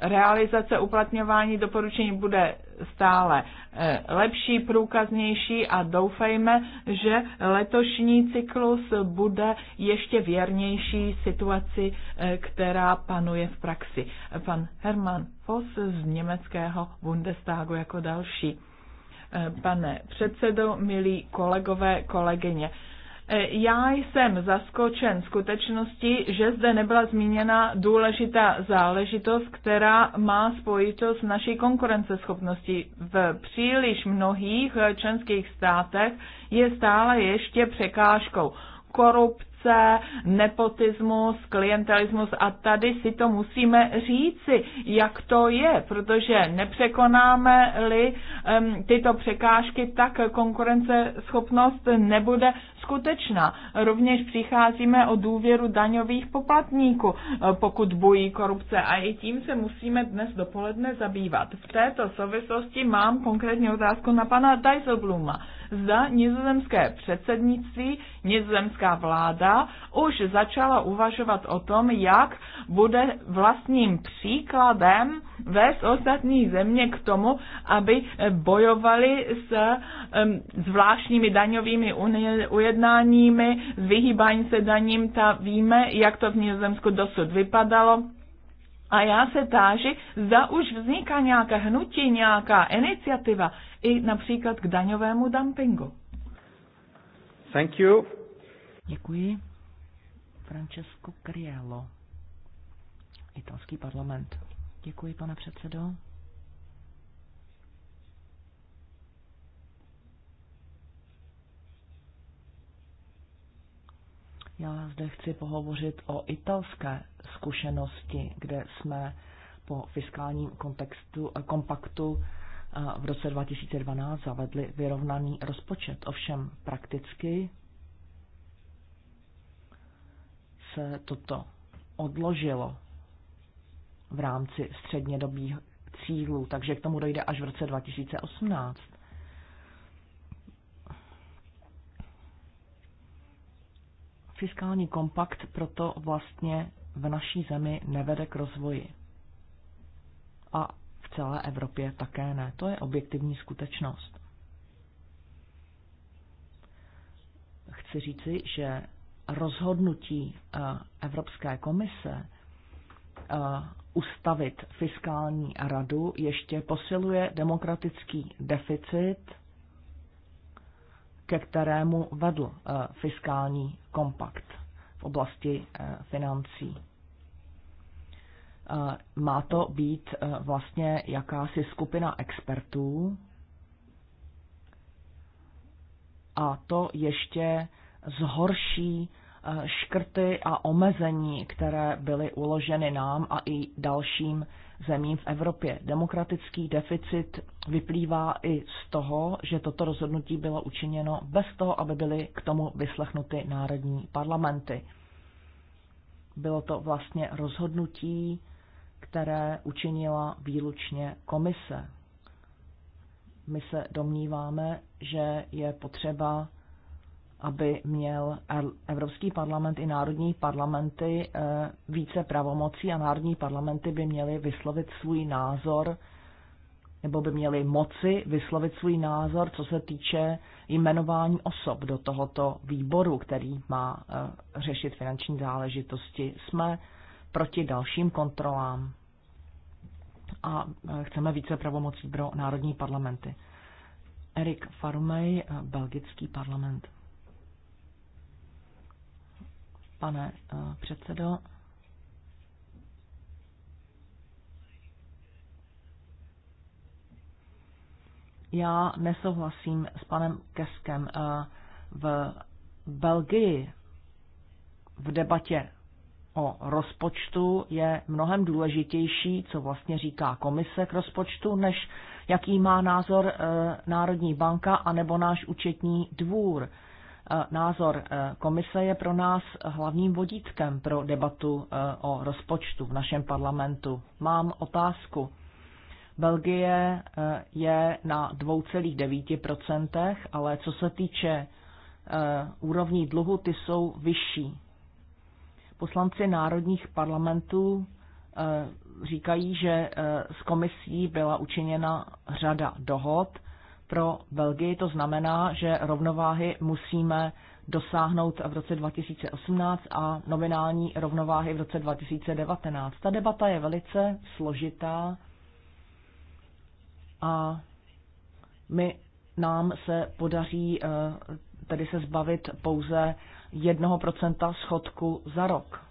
realizace uplatňování doporučení bude stále eh, lepší, průkaznější a doufejme, že letošní cyklus bude ještě věrnější situaci, eh, která panuje v praxi. Pan Hermann Voss z německého Bundestagu jako další. Eh, pane předsedo, milí kolegové, kolegyně. E, já jsem zaskočen skutečností, že zde nebyla zmíněna důležitá záležitost, která má spojitost s naší konkurenceschopností. V příliš mnohých členských státech je stále ještě překážkou korupce, korupce, nepotismus, klientelismus a tady si to musíme říci, jak to je, protože nepřekonáme-li um, tyto překážky, tak konkurenceschopnost nebude skutečná. Rovněž přicházíme o důvěru daňových poplatníků, e, pokud bojí korupce a i tím se musíme dnes dopoledne zabývat. V této souvislosti mám konkrétní otázku na pana Dijsselbluma zda nizozemské předsednictví, nizozemská vláda už začala uvažovat o tom, jak bude vlastním příkladem vést ostatní země k tomu, aby bojovali s zvláštními daňovými ujednáními, s vyhýbáním se daním, ta víme, jak to v Nizozemsku dosud vypadalo a já se táži, zda už vzniká nějaké hnutí, nějaká iniciativa i například k daňovému dumpingu. Thank you. Děkuji. Francesco Criello, italský parlament. Děkuji, pane předsedo. Já zde chci pohovořit o italské zkušenosti, kde jsme po fiskálním kontextu, kompaktu eh, v roce 2012 zavedli vyrovnaný rozpočet. Ovšem prakticky se toto odložilo v rámci střednědobých cílů, takže k tomu dojde až v roce 2018. Fiskální kompakt proto vlastně v naší zemi nevede k rozvoji. A v celé Evropě také ne. To je objektivní skutečnost. Chci říci, že rozhodnutí eh, Evropské komise eh, ustavit fiskální radu ještě posiluje demokratický deficit, ke kterému vedl eh, fiskální kompakt oblasti eh, financí. Eh, má to být eh, vlastně jakási skupina expertů a to ještě zhorší škrty a omezení, které byly uloženy nám a i dalším zemím v Evropě. Demokratický deficit vyplývá i z toho, že toto rozhodnutí bylo učiněno bez toho, aby byly k tomu vyslechnuty národní parlamenty. Bylo to vlastně rozhodnutí, které učinila výlučně komise. My se domníváme, že je potřeba aby měl Evropský parlament i národní parlamenty eh, více pravomocí a národní parlamenty by měly vyslovit svůj názor nebo by měly moci vyslovit svůj názor, co se týče jmenování osob do tohoto výboru, který má eh, řešit finanční záležitosti. Jsme proti dalším kontrolám a eh, chceme více pravomocí pro národní parlamenty. Erik Farumej, belgický parlament. pane eh, předsedo. Já nesouhlasím s panem Keskem. Eh, v Belgii v debatě o rozpočtu je mnohem důležitější, co vlastně říká komise k rozpočtu, než jaký má názor eh, Národní banka anebo náš účetní dvůr. Eh, názor eh, komise je pro nás hlavním vodítkem pro debatu eh, o rozpočtu v našem parlamentu. Mám otázku. Belgie je na 2,9%, ale co se týče úrovní dluhu, ty jsou vyšší. Poslanci národních parlamentů říkají, že s komisí byla učiněna řada dohod, pro Belgii. To znamená, že rovnováhy musíme dosáhnout v roce 2018 a nominální rovnováhy v roce 2019. Ta debata je velice složitá a my nám se podaří eh, tedy se zbavit pouze 1% schodku za rok.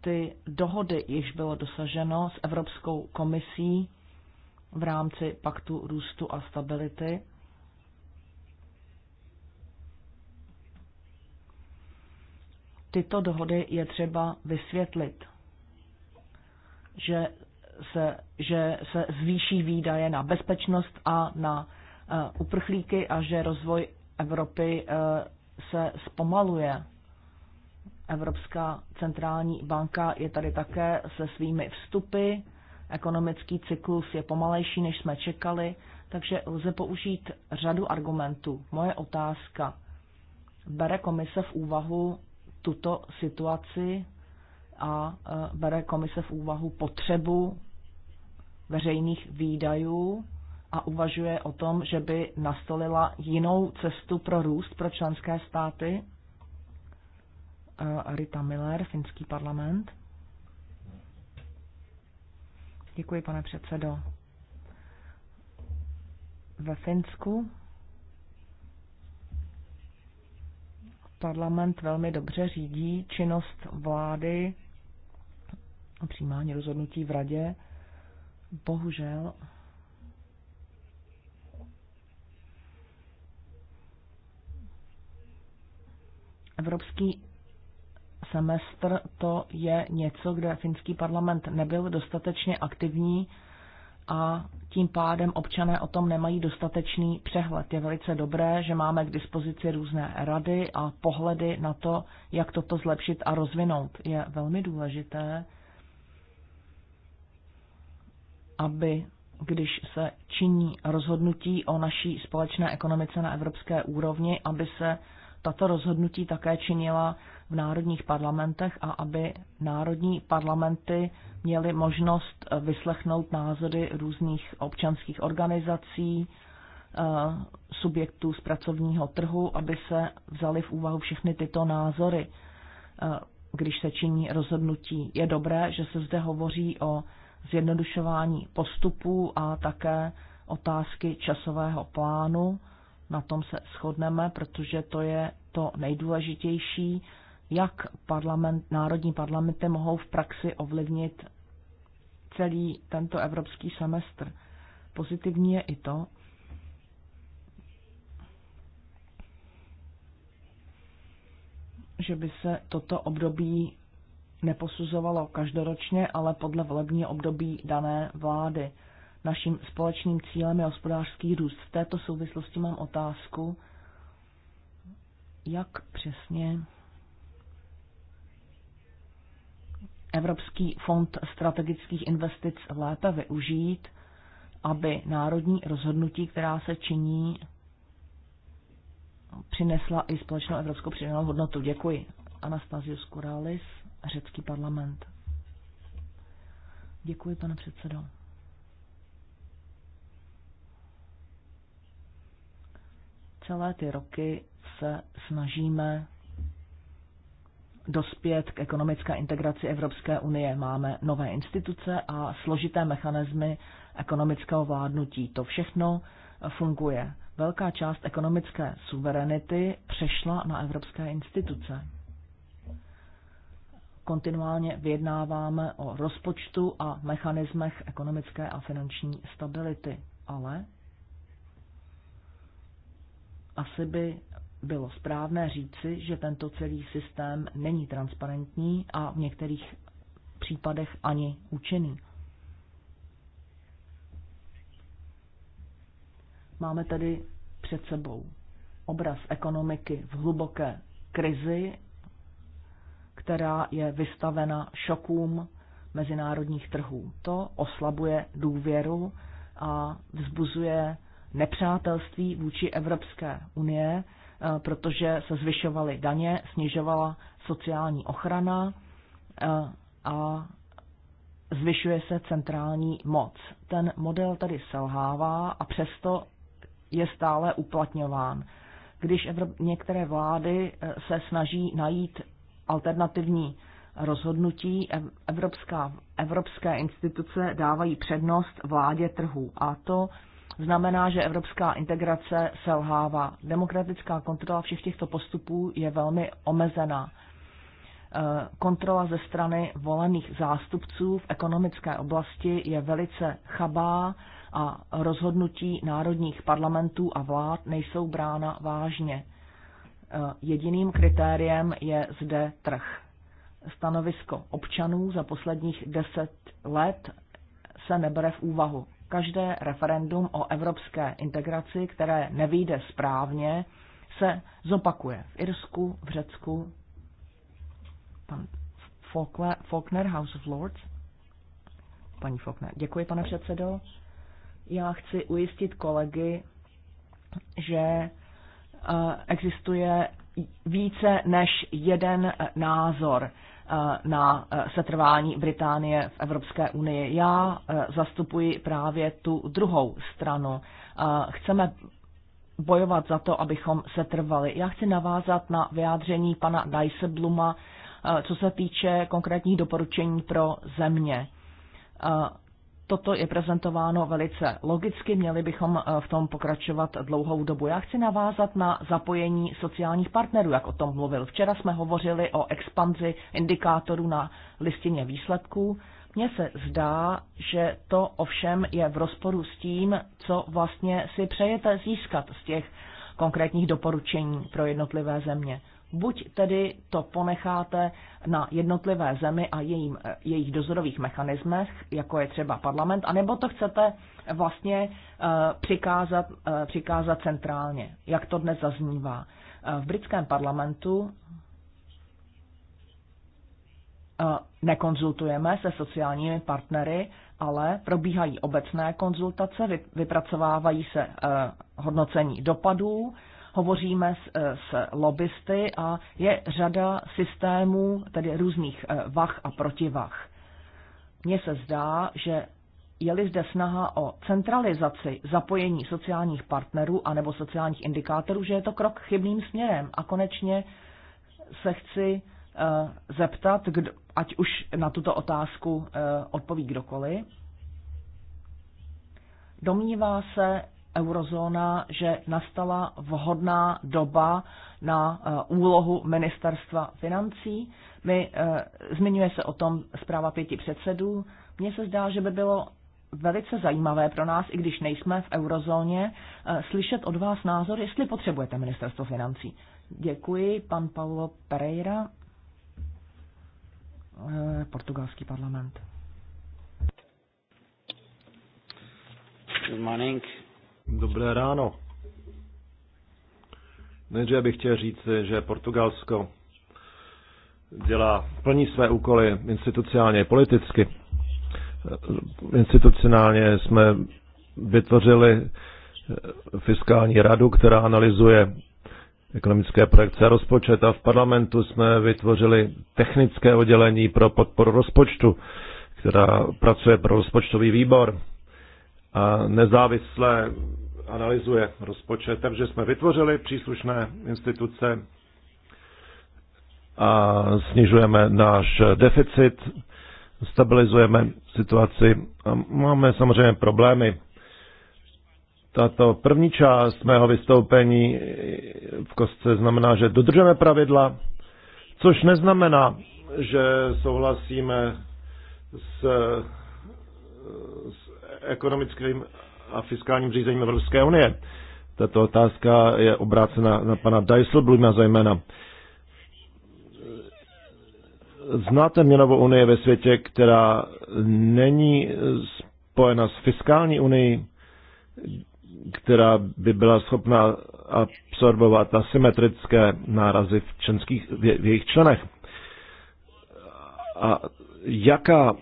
Ty dohody již bylo dosaženo s Evropskou komisí v rámci paktu růstu a stability. Tyto dohody je třeba vysvětlit, že se, že se zvýší výdaje na bezpečnost a na uh, uprchlíky a že rozvoj Evropy uh, se zpomaluje. Evropská centrální banka je tady také se svými vstupy Ekonomický cyklus je pomalejší, než jsme čekali, takže lze použít řadu argumentů. Moje otázka. Bere komise v úvahu tuto situaci a e, bere komise v úvahu potřebu veřejných výdajů a uvažuje o tom, že by nastolila jinou cestu pro růst pro členské státy? E, Rita Miller, finský parlament. Děkuji, pane předsedo. Ve Finsku parlament velmi dobře řídí činnost vlády a přijímání rozhodnutí v radě. Bohužel Evropský semestr to je něco, kde finský parlament nebyl dostatečně aktivní a tím pádem občané o tom nemají dostatečný přehled. Je velice dobré, že máme k dispozici různé rady a pohledy na to, jak toto zlepšit a rozvinout. Je velmi důležité, aby když se činí rozhodnutí o naší společné ekonomice na evropské úrovni, aby se tato rozhodnutí také činila v národních parlamentech a aby národní parlamenty měly možnost eh, vyslechnout názory různých občanských organizací, eh, subjektů z pracovního trhu, aby se vzali v úvahu všechny tyto názory, eh, když se činí rozhodnutí. Je dobré, že se zde hovoří o zjednodušování postupů a také otázky časového plánu. Na tom se shodneme, protože to je to nejdůležitější jak parlament, národní parlamenty mohou v praxi ovlivnit celý tento evropský semestr. Pozitivní je i to, že by se toto období neposuzovalo každoročně, ale podle volební období dané vlády. Naším společným cílem je hospodářský růst. V této souvislosti mám otázku, jak přesně Evropský fond strategických investic lépe využít, aby národní rozhodnutí, která se činí, přinesla i společnou evropskou přidanou hodnotu. Děkuji. Anastasius Kuralis, řecký parlament. Děkuji, pane předsedo. Celé ty roky se snažíme dospět k ekonomické integraci Evropské unie. Máme nové instituce a složité mechanismy ekonomického vládnutí. To všechno funguje. Velká část ekonomické suverenity přešla na evropské instituce. Kontinuálně vyjednáváme o rozpočtu a mechanismech ekonomické a finanční stability, ale asi by bylo správné říci, že tento celý systém není transparentní a v některých případech ani účinný. Máme tedy před sebou obraz ekonomiky v hluboké krizi, která je vystavena šokům mezinárodních trhů. To oslabuje důvěru a vzbuzuje nepřátelství vůči Evropské unie, Eh, protože se zvyšovaly daně, snižovala sociální ochrana eh, a zvyšuje se centrální moc. Ten model tady selhává a přesto je stále uplatňován. Když některé vlády eh, se snaží najít alternativní rozhodnutí, evropská, evropské instituce dávají přednost vládě trhů a to znamená, že evropská integrace selhává. Demokratická kontrola všech těchto postupů je velmi omezená. E, kontrola ze strany volených zástupců v ekonomické oblasti je velice chabá a rozhodnutí národních parlamentů a vlád nejsou brána vážně. E, jediným kritériem je zde trh. Stanovisko občanů za posledních deset let se nebere v úvahu každé referendum o evropské integraci, které nevýjde správně, se zopakuje v Irsku, v Řecku. Pan Faulkner, House of Lords. Paní Faulkner, děkuji, pane předsedo. Já chci ujistit kolegy, že eh, existuje více než jeden eh, názor eh, na eh, setrvání Británie v Evropské unii. Já zastupuji právě tu druhou stranu. Chceme bojovat za to, abychom setrvali. Já chci navázat na vyjádření pana Dijsselbluma, co se týče konkrétních doporučení pro země. Toto je prezentováno velice logicky, měli bychom eh, v tom pokračovat dlouhou dobu. Já chci navázat na zapojení sociálních partnerů, jak o tom mluvil. Včera jsme hovořili o expanzi indikátorů na listině výsledků. Mně se zdá, že to ovšem je v rozporu s tím, co vlastně si přejete získat z těch konkrétních doporučení pro jednotlivé země. Buď tedy to ponecháte na jednotlivé zemi a jejím, jejich dozorových mechanismech, jako je třeba parlament, anebo to chcete vlastně eh, přikázat, eh, přikázat centrálně, jak to dnes zaznívá. Eh, v britském parlamentu nekonzultujeme se sociálními partnery, ale probíhají obecné konzultace, vypracovávají se hodnocení dopadů, hovoříme s, eh, s lobbysty a je řada systémů, tedy různých eh, vach a protivach. Mně se zdá, že je-li zde snaha o centralizaci zapojení sociálních partnerů anebo sociálních indikátorů, že je to krok chybným směrem. A konečně se chci eh, zeptat, kdo, ať už na tuto otázku odpoví kdokoliv. Domnívá se eurozóna, že nastala vhodná doba na eh, úlohu ministerstva financí. My, eh, zmiňuje se o tom zpráva pěti předsedů. Mně se zdá, že by bylo velice zajímavé pro nás, i když nejsme v eurozóně, eh, slyšet od vás názor, jestli potřebujete ministerstvo financí. Děkuji, pan Paulo Pereira, portugalský parlament. Good morning. Dobré ráno. Nejdříve bych chtěl říct, že Portugalsko dělá, plní své úkoly institucionálně i politicky. Institucionálně jsme vytvořili eh, fiskální radu, která analyzuje ekonomické projekce a rozpočet a v parlamentu jsme vytvořili technické oddělení pro podporu rozpočtu, která pracuje pro rozpočtový výbor nezávisle analyzuje rozpočet. Takže jsme vytvořili příslušné instituce a snižujeme náš deficit, stabilizujeme situaci a máme samozřejmě problémy. Tato první část mého vystoupení v kostce znamená, že dodržeme pravidla, což neznamená, že souhlasíme s, s ekonomickým a fiskálním řízením Evropské unie. Tato otázka je obrácena na pana Dijsselbluma zejména. Znáte měnovou unii ve světě, která není spojena s fiskální unii, která by byla schopna absorbovat asymetrické nárazy v, členských, v jejich členech. A jaká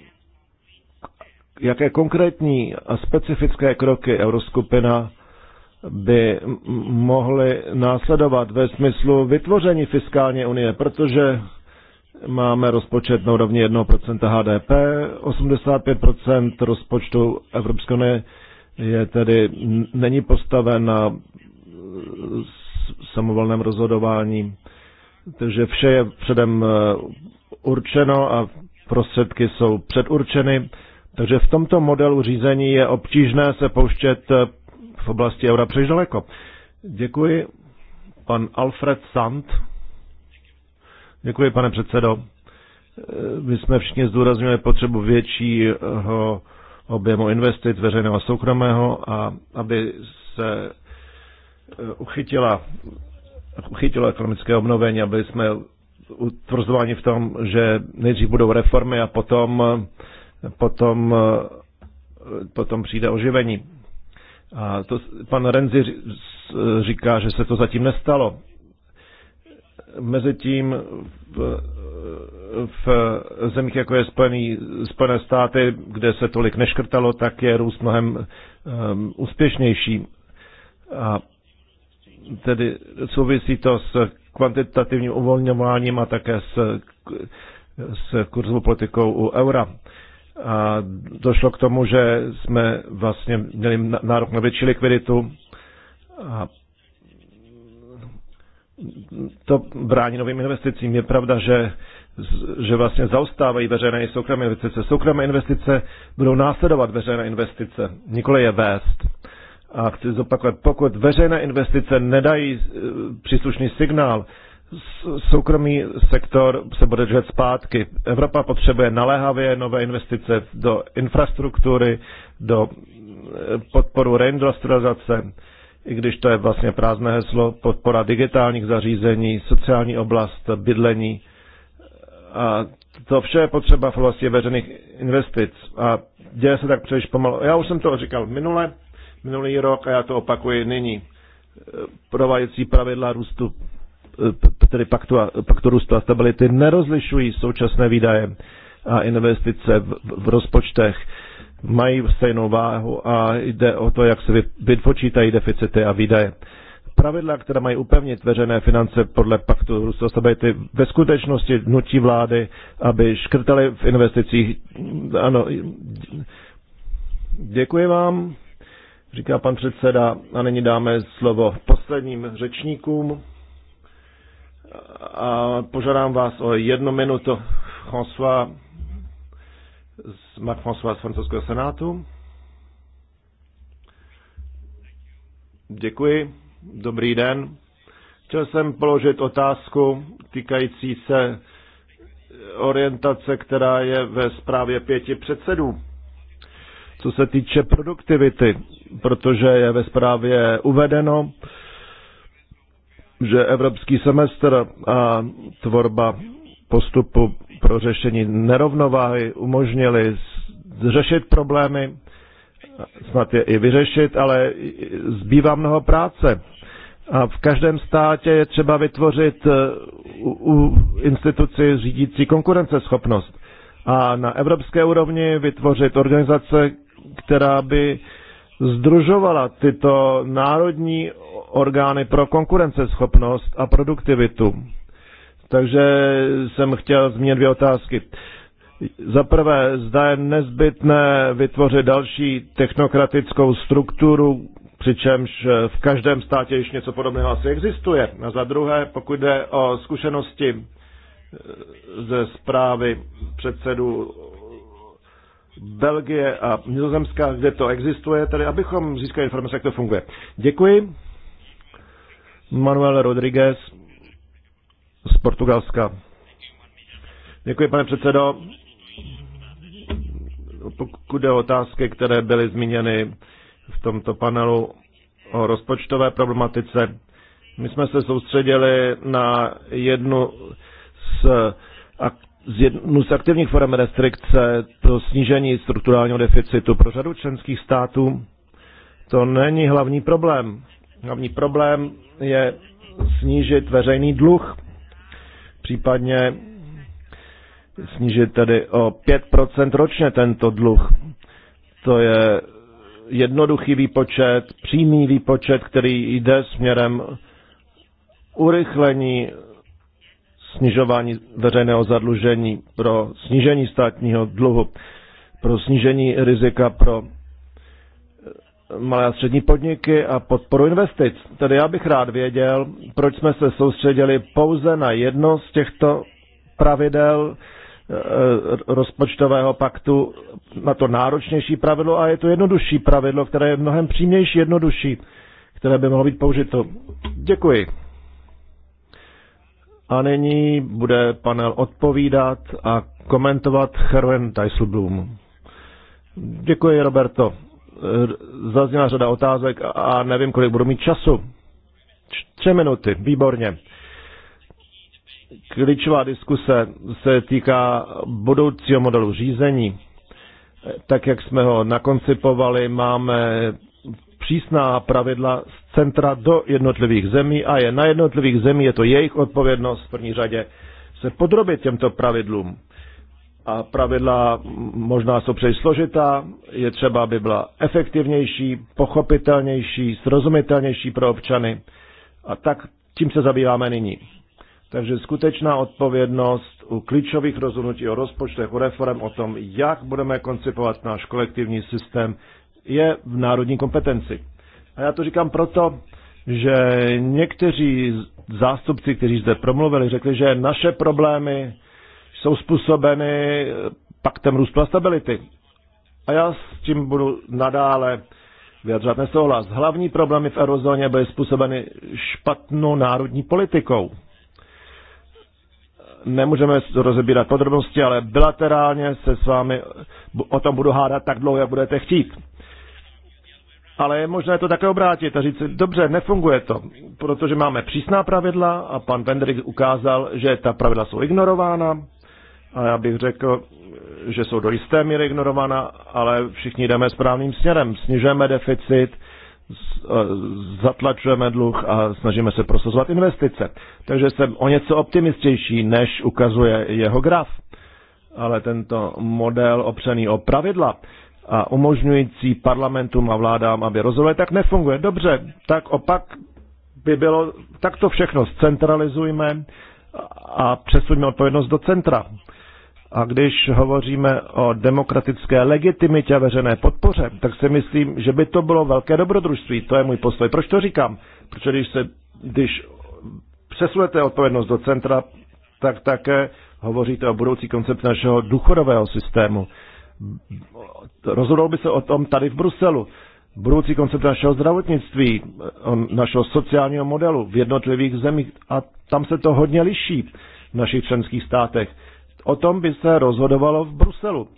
jaké konkrétní a specifické kroky Euroskupina by mohly následovat ve smyslu vytvoření fiskální unie, protože máme rozpočet na úrovni 1% HDP, 85% rozpočtu Evropské unie je tedy, není postaven na samovolném rozhodování, takže vše je předem e, určeno a prostředky jsou předurčeny takže v tomto modelu řízení je obtížné se pouštět eh, v oblasti eura příliš daleko. Děkuji. Pan Alfred Sand. Děkuji, pane předsedo. Eh, my jsme všichni zdůrazňovali potřebu většího objemu investic veřejného a soukromého a aby se eh, uchytila, uchytilo ekonomické obnovení, aby jsme utvrzováni v tom, že nejdřív budou reformy a potom potom, eh, potom přijde oživení. A to pan Renzi říká, že se to zatím nestalo. Mezitím v, v zemích, jako je Spojený, Spojené státy, kde se tolik neškrtalo, tak je růst mnohem um, úspěšnější. A tedy souvisí to s kvantitativním uvolňováním a také s, s kurzovou politikou u eura. A došlo k tomu, že jsme vlastně měli nárok na větší likviditu a to brání novým investicím. Je pravda, že, že vlastně zaostávají veřejné i soukromé investice. Soukromé investice budou následovat veřejné investice, nikoli je vést. A chci zopakovat, pokud veřejné investice nedají e, příslušný signál, soukromý sektor se bude držet zpátky. Evropa potřebuje naléhavě nové investice do infrastruktury, do eh, podporu reindustrializace, i když to je vlastně prázdné heslo, podpora digitálních zařízení, sociální oblast, bydlení. A to vše je potřeba v oblasti veřejných investic. A děje se tak příliš pomalu. Já už jsem to říkal minule, minulý rok a já to opakuji nyní. Eh, prováděcí pravidla růstu Eh, tedy paktu, a, paktu růstu a stability nerozlišují současné výdaje a investice v, v rozpočtech. Mají stejnou váhu a jde o to, jak se vypočítají deficity a výdaje. Pravidla, která mají upevnit veřejné finance podle paktu růstu a stability, ve skutečnosti nutí vlády, aby škrtali v investicích. Ano, děkuji vám, říká pan předseda, a nyní dáme slovo posledním řečníkům a požádám vás o jednu minutu François z Marc François z francouzského senátu. Děkuji. Dobrý den. Chtěl jsem položit otázku týkající se orientace, která je ve zprávě pěti předsedů. Co se týče produktivity, protože je ve zprávě uvedeno, že evropský semestr a tvorba postupu pro řešení nerovnováhy umožnili řešit problémy, snad je i vyřešit, ale zbývá mnoho práce. A v každém státě je třeba vytvořit eh, u, u instituci řídící konkurenceschopnost. A na evropské úrovni vytvořit organizace, která by združovala tyto národní orgány pro konkurenceschopnost a produktivitu. Takže jsem chtěl zmínit dvě otázky. Za prvé, zda je nezbytné vytvořit další technokratickou strukturu, přičemž v každém státě již něco podobného asi existuje. A za druhé, pokud jde o zkušenosti eh, ze zprávy předsedů Belgie a Nizozemská, kde to existuje, tedy abychom získali informace, jak to funguje. Děkuji. Manuel Rodriguez z Portugalska. Děkuji, pane předsedo. Pokud jde o otázky, které byly zmíněny v tomto panelu o rozpočtové problematice, my jsme se soustředili na jednu z, z, jednu z aktivních forem restrikce, to snížení strukturálního deficitu. Pro řadu členských států to není hlavní problém. Hlavní problém je snížit veřejný dluh, případně snížit tedy o 5% ročně tento dluh. To je jednoduchý výpočet, přímý výpočet, který jde směrem urychlení snižování veřejného zadlužení pro snížení státního dluhu, pro snížení rizika pro malé a střední podniky a podporu investic. Tedy já bych rád věděl, proč jsme se soustředili pouze na jedno z těchto pravidel eh, rozpočtového paktu, na to náročnější pravidlo a je to jednodušší pravidlo, které je mnohem přímější, jednodušší, které by mohlo být použito. Děkuji. A nyní bude panel odpovídat a komentovat Herwen Dijsselbloem. Děkuji, Roberto. Eh, zazněla řada otázek a nevím, kolik budu mít času. Tři minuty, výborně. Klíčová diskuse se týká budoucího modelu řízení. Tak, jak jsme ho nakoncipovali, máme přísná pravidla z centra do jednotlivých zemí a je na jednotlivých zemí, je to jejich odpovědnost v první řadě se podrobit těmto pravidlům a pravidla možná jsou příliš složitá, je třeba, aby byla efektivnější, pochopitelnější, srozumitelnější pro občany. A tak tím se zabýváme nyní. Takže skutečná odpovědnost u klíčových rozhodnutí o rozpočtech, o reform, o tom, jak budeme koncipovat náš kolektivní systém, je v národní kompetenci. A já to říkám proto, že někteří zástupci, kteří zde promluvili, řekli, že naše problémy jsou způsobeny paktem růstu a stability. A já s tím budu nadále vyjadřovat nesouhlas. Hlavní problémy v eurozóně byly způsobeny špatnou národní politikou. Nemůžeme rozebírat podrobnosti, ale bilaterálně se s vámi o tom budu hádat tak dlouho, jak budete chtít. Ale je možné to také obrátit a říct, dobře, nefunguje to, protože máme přísná pravidla a pan Vendrik ukázal, že ta pravidla jsou ignorována, a já bych řekl, že jsou do jisté míry ignorována, ale všichni jdeme správným směrem. Snižujeme deficit, e, zatlačujeme dluh a snažíme se prosazovat investice. Takže jsem o něco optimistější, než ukazuje jeho graf. Ale tento model opřený o pravidla a umožňující parlamentům a vládám, aby rozhodli, tak nefunguje. Dobře, tak opak by bylo, tak to všechno zcentralizujme a přesuňme odpovědnost do centra. A když hovoříme o demokratické legitimitě a veřejné podpoře, tak si myslím, že by to bylo velké dobrodružství. To je můj postoj. Proč to říkám? Protože když, se, když přesunete odpovědnost do centra, tak také hovoříte o budoucí koncept našeho důchodového systému. Rozhodl by se o tom tady v Bruselu. Budoucí koncept našeho zdravotnictví, našeho sociálního modelu v jednotlivých zemích a tam se to hodně liší v našich členských státech o tom by se rozhodovalo v Bruselu.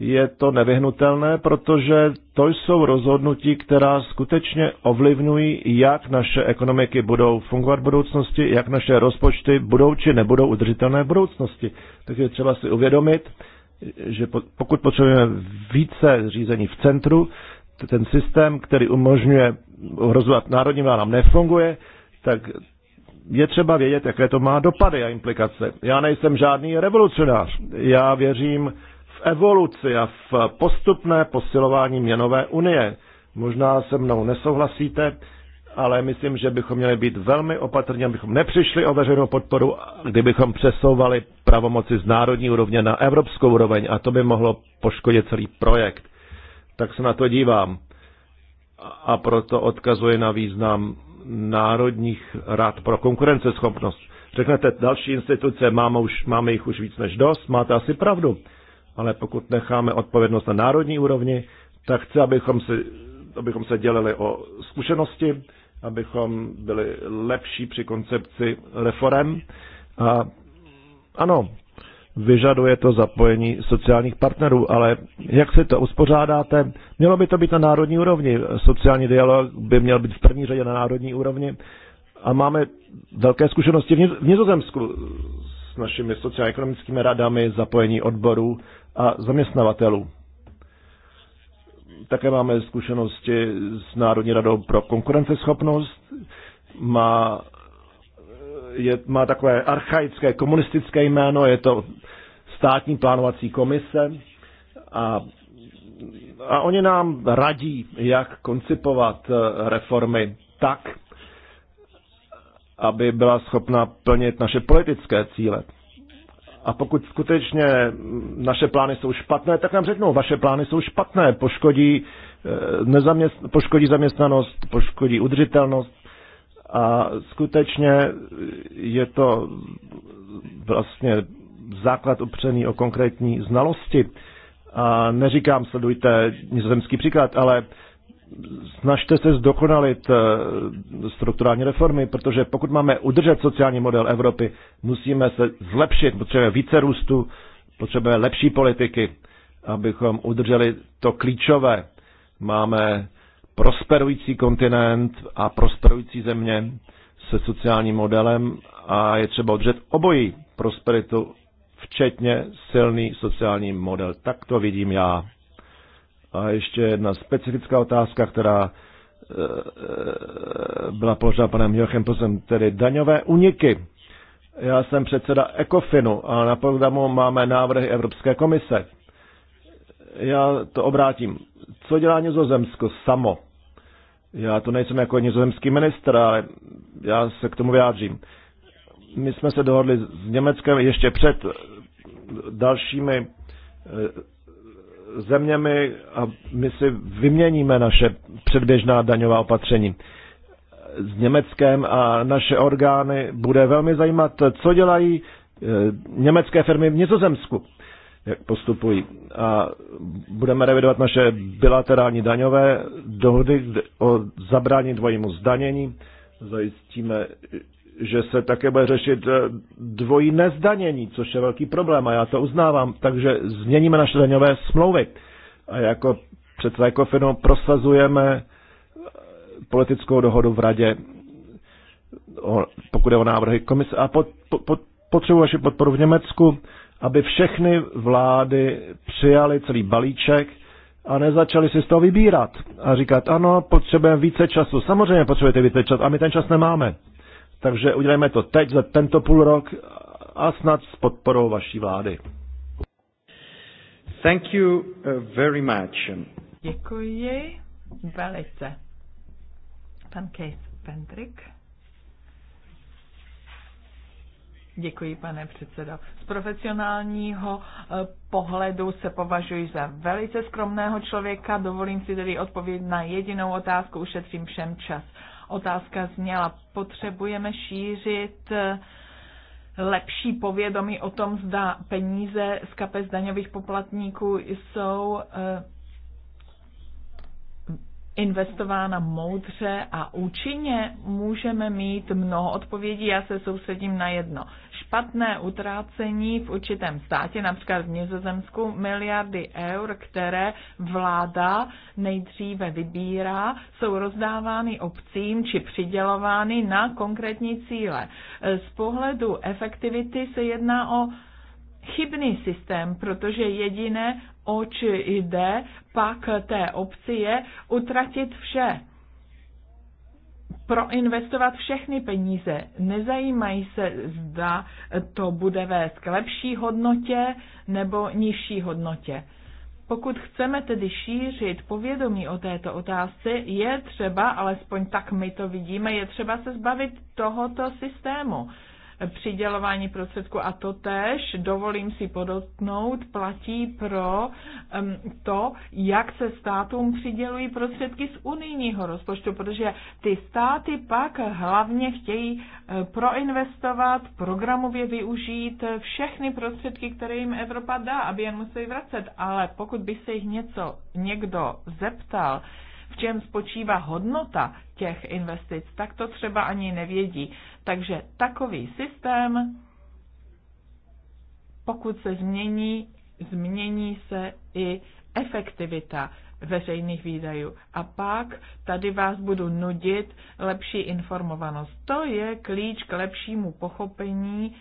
Je to nevyhnutelné, protože to jsou rozhodnutí, která skutečně ovlivňují, jak naše ekonomiky budou fungovat v budoucnosti, jak naše rozpočty budou či nebudou udržitelné v budoucnosti. Takže třeba si uvědomit, že pokud potřebujeme více řízení v centru, ten systém, který umožňuje rozhodovat národním vládám, nefunguje, tak je třeba vědět, jaké to má dopady a implikace. Já nejsem žádný revolucionář. Já věřím v evoluci a v postupné posilování měnové unie. Možná se mnou nesouhlasíte, ale myslím, že bychom měli být velmi opatrní, abychom nepřišli o veřejnou podporu, kdybychom přesouvali pravomoci z národní úrovně na evropskou úroveň a to by mohlo poškodit celý projekt. Tak se na to dívám a proto odkazuji na význam národních rad pro konkurenceschopnost. Řeknete, další instituce máme, už, máme jich už víc než dost, máte asi pravdu. Ale pokud necháme odpovědnost na národní úrovni, tak chci, abychom, si, abychom se dělili o zkušenosti, abychom byli lepší při koncepci reform. A ano, vyžaduje to zapojení sociálních partnerů, ale jak si to uspořádáte? Mělo by to být na národní úrovni. Sociální dialog by měl být v první řadě na národní úrovni. A máme velké zkušenosti v Nizozemsku s našimi sociálně-ekonomickými radami, zapojení odborů a zaměstnavatelů. Také máme zkušenosti s Národní radou pro konkurenceschopnost. Má je, má takové archaické komunistické jméno, je to státní plánovací komise a, a oni nám radí, jak koncipovat eh, reformy tak, aby byla schopna plnit naše politické cíle. A pokud skutečně naše plány jsou špatné, tak nám řeknou, vaše plány jsou špatné, poškodí, eh, nezaměst, poškodí zaměstnanost, poškodí udržitelnost. A skutečně je to vlastně základ opřený o konkrétní znalosti. A neříkám, sledujte nizozemský příklad, ale snažte se zdokonalit eh, strukturální reformy, protože pokud máme udržet sociální model Evropy, musíme se zlepšit, potřebujeme více růstu, potřebujeme lepší politiky, abychom udrželi to klíčové. Máme prosperující kontinent a prosperující země se sociálním modelem a je třeba udržet obojí prosperitu včetně silný sociální model. Tak to vidím já. A ještě jedna specifická otázka, která e, e, byla položena panem Jochem Pozem, tedy daňové uniky. Já jsem předseda ECOFINu a na programu máme návrhy Evropské komise. Já to obrátím. Co dělá Nizozemsko samo? Já to nejsem jako nizozemský ministr, ale já se k tomu vyjádřím. My jsme se dohodli s Německem ještě před dalšími eh, zeměmi a my si vyměníme naše předběžná daňová opatření s Německem a naše orgány bude velmi zajímat, co dělají eh, německé firmy v Nizozemsku, jak postupují. A budeme revidovat naše bilaterální daňové dohody o zabrání dvojímu zdanění. Zajistíme, že se také bude řešit eh, dvojí nezdanění, což je velký problém a já to uznávám, takže změníme naše daňové smlouvy. A jako předseda Ekofinu prosazujeme eh, politickou dohodu v radě, pokud je o návrhy komise. A pod, pod, potřebuji vaši podporu v Německu, aby všechny vlády přijali celý balíček a nezačali si z toho vybírat a říkat, ano, potřebujeme více času. Samozřejmě potřebujete více času a my ten čas nemáme. Takže udělejme to teď, za tento půl rok a snad s podporou vaší vlády. Thank you uh, very much. Děkuji velice. Pan Case Pendrick. Děkuji, pane předsedo. Z profesionálního uh, pohledu se považuji za velice skromného člověka. Dovolím si tedy odpovědět na jedinou otázku, ušetřím všem čas otázka zněla. Potřebujeme šířit eh, lepší povědomí o tom, zda peníze z kapes daňových poplatníků jsou eh, investována moudře a účinně, můžeme mít mnoho odpovědí. Já se soustředím na jedno špatné utrácení v určitém státě, například v Nizozemsku, miliardy eur, které vláda nejdříve vybírá, jsou rozdávány obcím či přidělovány na konkrétní cíle. Z pohledu efektivity se jedná o chybný systém, protože jediné, oč jde, pak té obci je utratit vše proinvestovat všechny peníze. Nezajímají se, zda to bude vést k lepší hodnotě nebo nižší hodnotě. Pokud chceme tedy šířit povědomí o této otázce, je třeba, alespoň tak my to vidíme, je třeba se zbavit tohoto systému přidělování prostředků a to tež, dovolím si podotknout, platí pro to, jak se státům přidělují prostředky z unijního rozpočtu, protože ty státy pak hlavně chtějí e, proinvestovat, programově využít všechny prostředky, které jim Evropa dá, aby je museli vracet. Ale pokud by se jich něco někdo zeptal, v čem spočívá hodnota těch investic, tak to třeba ani nevědí. Takže takový systém, pokud se změní, změní se i efektivita veřejných výdajů. A pak tady vás budu nudit lepší informovanost. To je klíč k lepšímu pochopení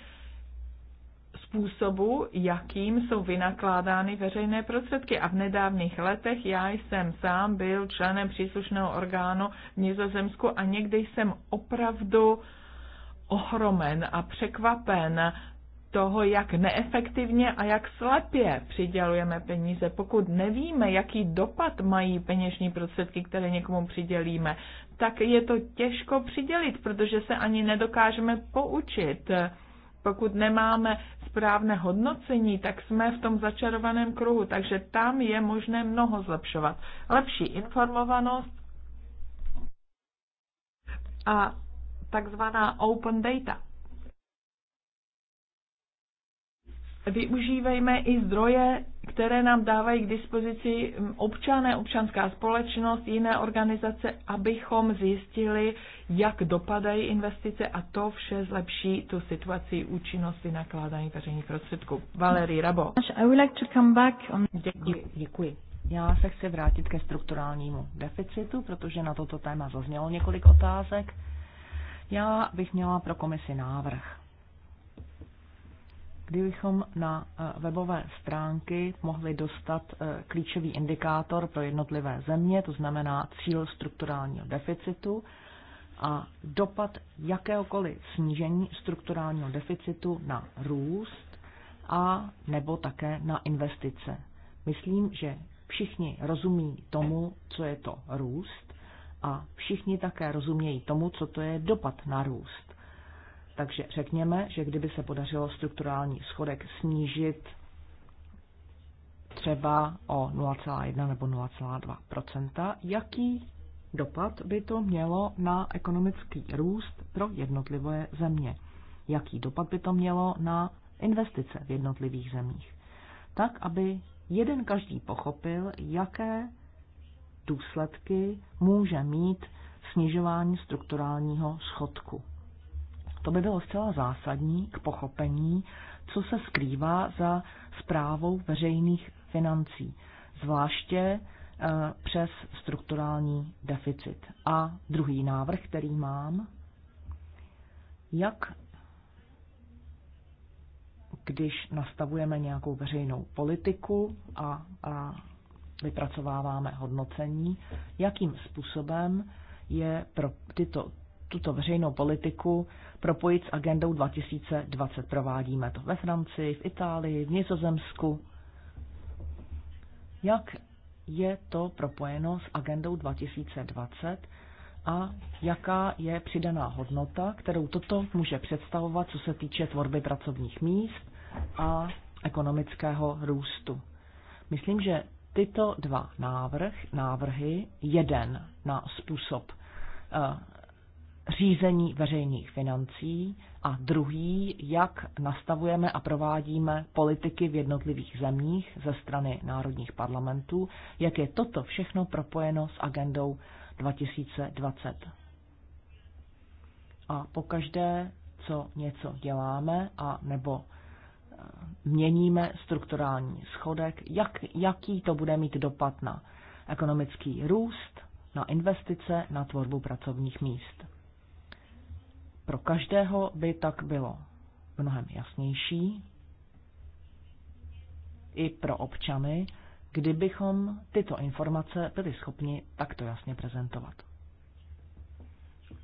způsobu, jakým jsou vynakládány veřejné prostředky. A v nedávných letech já jsem sám byl členem příslušného orgánu v Nizozemsku a někdy jsem opravdu ohromen a překvapen toho, jak neefektivně a jak slepě přidělujeme peníze. Pokud nevíme, jaký dopad mají peněžní prostředky, které někomu přidělíme, tak je to těžko přidělit, protože se ani nedokážeme poučit pokud nemáme správné hodnocení, tak jsme v tom začarovaném kruhu, takže tam je možné mnoho zlepšovat. Lepší informovanost a takzvaná open data. Využívejme i zdroje které nám dávají k dispozici mm, občané, občanská společnost, jiné organizace, abychom zjistili, jak dopadají investice a to vše zlepší tu situaci účinnosti nakládání veřejných prostředků. Valerie Rabo. Děkuji. Děkuji. Já se chci vrátit ke strukturálnímu deficitu, protože na toto téma zaznělo několik otázek. Já bych měla pro komisi návrh kdybychom na eh, webové stránky mohli dostat eh, klíčový indikátor pro jednotlivé země, to znamená cíl strukturálního deficitu a dopad jakéhokoliv snížení strukturálního deficitu na růst a nebo také na investice. Myslím, že všichni rozumí tomu, co je to růst a všichni také rozumějí tomu, co to je dopad na růst. Takže řekněme, že kdyby se podařilo strukturální schodek snížit třeba o 0,1 nebo 0,2 jaký dopad by to mělo na ekonomický růst pro jednotlivé země? Jaký dopad by to mělo na investice v jednotlivých zemích? Tak, aby jeden každý pochopil, jaké důsledky může mít snižování strukturálního schodku. To by bylo zcela zásadní k pochopení, co se skrývá za zprávou veřejných financí, zvláště eh, přes strukturální deficit. A druhý návrh, který mám, jak když nastavujeme nějakou veřejnou politiku a, a vypracováváme hodnocení, jakým způsobem je pro tyto tuto veřejnou politiku propojit s agendou 2020. Provádíme to ve Francii, v Itálii, v Nizozemsku. Jak je to propojeno s agendou 2020 a jaká je přidaná hodnota, kterou toto může představovat, co se týče tvorby pracovních míst a ekonomického růstu. Myslím, že tyto dva návrh, návrhy, jeden na způsob eh, řízení veřejných financí a druhý, jak nastavujeme a provádíme politiky v jednotlivých zemích ze strany národních parlamentů, jak je toto všechno propojeno s agendou 2020. A pokaždé, co něco děláme a nebo eh, měníme strukturální schodek, jak, jaký to bude mít dopad na ekonomický růst, na investice, na tvorbu pracovních míst. Pro každého by tak bylo mnohem jasnější i pro občany, kdybychom tyto informace byli schopni takto jasně prezentovat.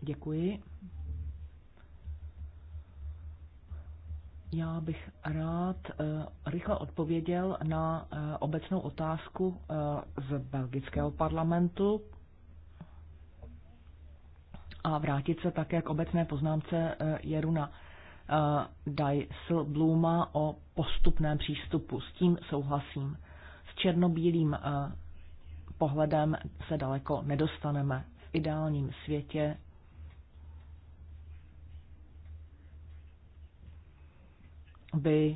Děkuji. Já bych rád eh, rychle odpověděl na eh, obecnou otázku eh, z belgického parlamentu, a vrátit se také k obecné poznámce eh, Jeruna eh, Bluma o postupném přístupu. S tím souhlasím. S černobílým eh, pohledem se daleko nedostaneme. V ideálním světě by eh,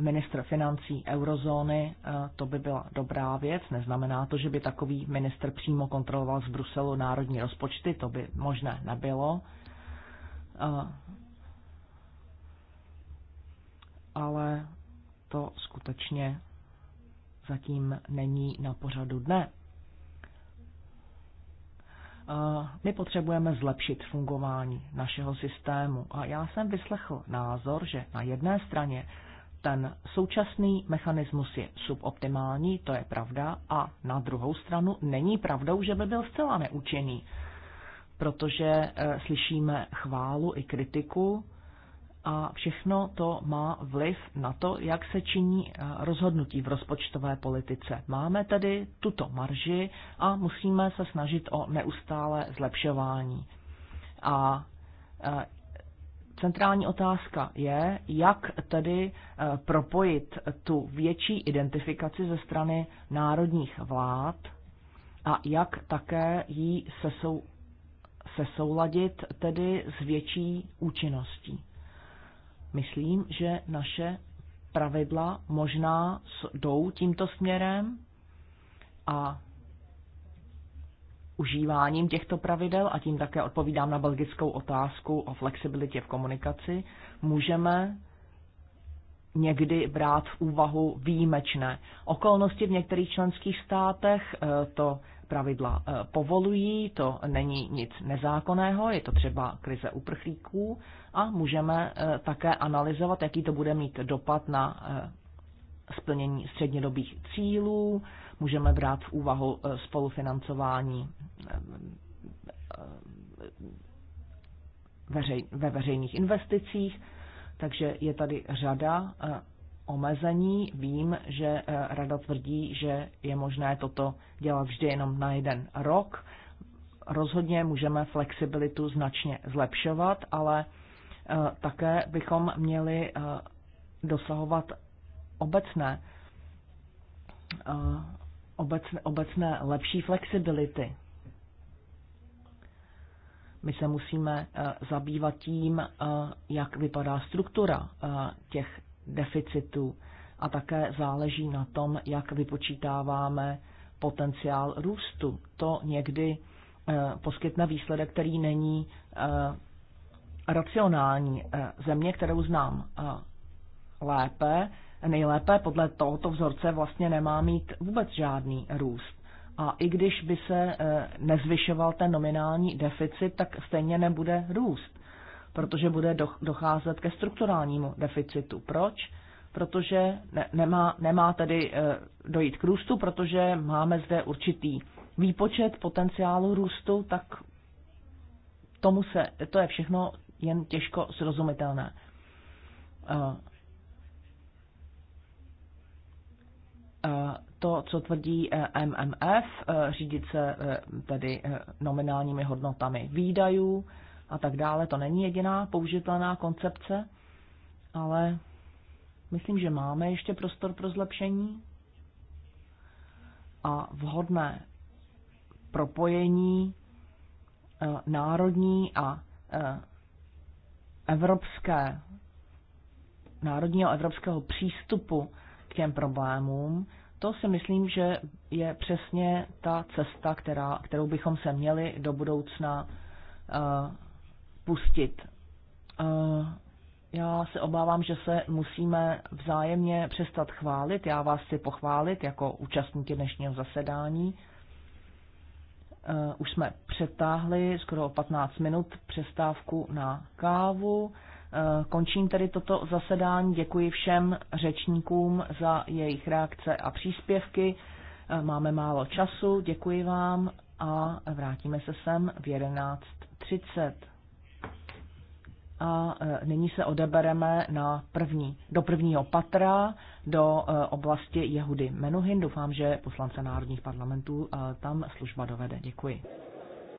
ministr financí eurozóny, eh, to by byla dobrá věc, neznamená to, že by takový ministr přímo kontroloval z Bruselu národní rozpočty, to by možné nebylo. Eh, ale to skutečně zatím není na pořadu dne. Eh, my potřebujeme zlepšit fungování našeho systému. A já jsem vyslechl názor, že na jedné straně ten současný mechanismus je suboptimální, to je pravda, a na druhou stranu není pravdou, že by byl zcela neúčinný, protože eh, slyšíme chválu i kritiku, a všechno to má vliv na to, jak se činí eh, rozhodnutí v rozpočtové politice. Máme tedy tuto marži a musíme se snažit o neustále zlepšování. A eh, centrální otázka je, jak tedy eh, propojit tu větší identifikaci ze strany národních vlád a jak také ji se souladit tedy s větší účinností. Myslím, že naše pravidla možná jdou tímto směrem a užíváním těchto pravidel, a tím také odpovídám na belgickou otázku o flexibilitě v komunikaci, můžeme někdy brát v úvahu výjimečné okolnosti v některých členských státech. Eh, to pravidla eh, povolují, to není nic nezákonného, je to třeba krize uprchlíků a můžeme eh, také analyzovat, jaký to bude mít dopad na eh, splnění střednědobých cílů, můžeme brát v úvahu spolufinancování ve veřejných investicích, takže je tady řada omezení. Vím, že eh, rada tvrdí, že je možné toto dělat vždy jenom na jeden rok. Rozhodně můžeme flexibilitu značně zlepšovat, ale eh, také bychom měli eh, dosahovat obecné, obecné, obecné lepší flexibility. My se musíme zabývat tím, jak vypadá struktura těch deficitu a také záleží na tom, jak vypočítáváme potenciál růstu. To někdy eh, poskytne výsledek, který není eh, racionální. Eh, země, kterou znám lépe, nejlépe podle tohoto vzorce vlastně nemá mít vůbec žádný růst. A i když by se nezvyšoval ten nominální deficit, tak stejně nebude růst protože bude docházet ke strukturálnímu deficitu. Proč? Protože ne, nemá, nemá tedy e, dojít k růstu, protože máme zde určitý výpočet potenciálu růstu, tak tomu se, to je všechno jen těžko srozumitelné. Eh, eh, to, co tvrdí MMF, řídit se tedy nominálními hodnotami výdajů, a tak dále. To není jediná použitelná koncepce, ale myslím, že máme ještě prostor pro zlepšení a vhodné propojení eh, národní a eh, evropské národního evropského přístupu k těm problémům, to si myslím, že je přesně ta cesta, která, kterou bychom se měli do budoucna eh, pustit. Eh, já se obávám, že se musíme vzájemně přestat chválit. Já vás chci pochválit jako účastníky dnešního zasedání. Eh, už jsme přetáhli skoro o 15 minut přestávku na kávu. Eh, končím tedy toto zasedání. Děkuji všem řečníkům za jejich reakce a příspěvky. Máme málo času. Děkuji vám a vrátíme se sem v 11.30 a e, nyní se odebereme na první, do prvního patra, do e, oblasti Jehudy Menuhin. Doufám, že poslance národních parlamentů e, tam služba dovede. Děkuji.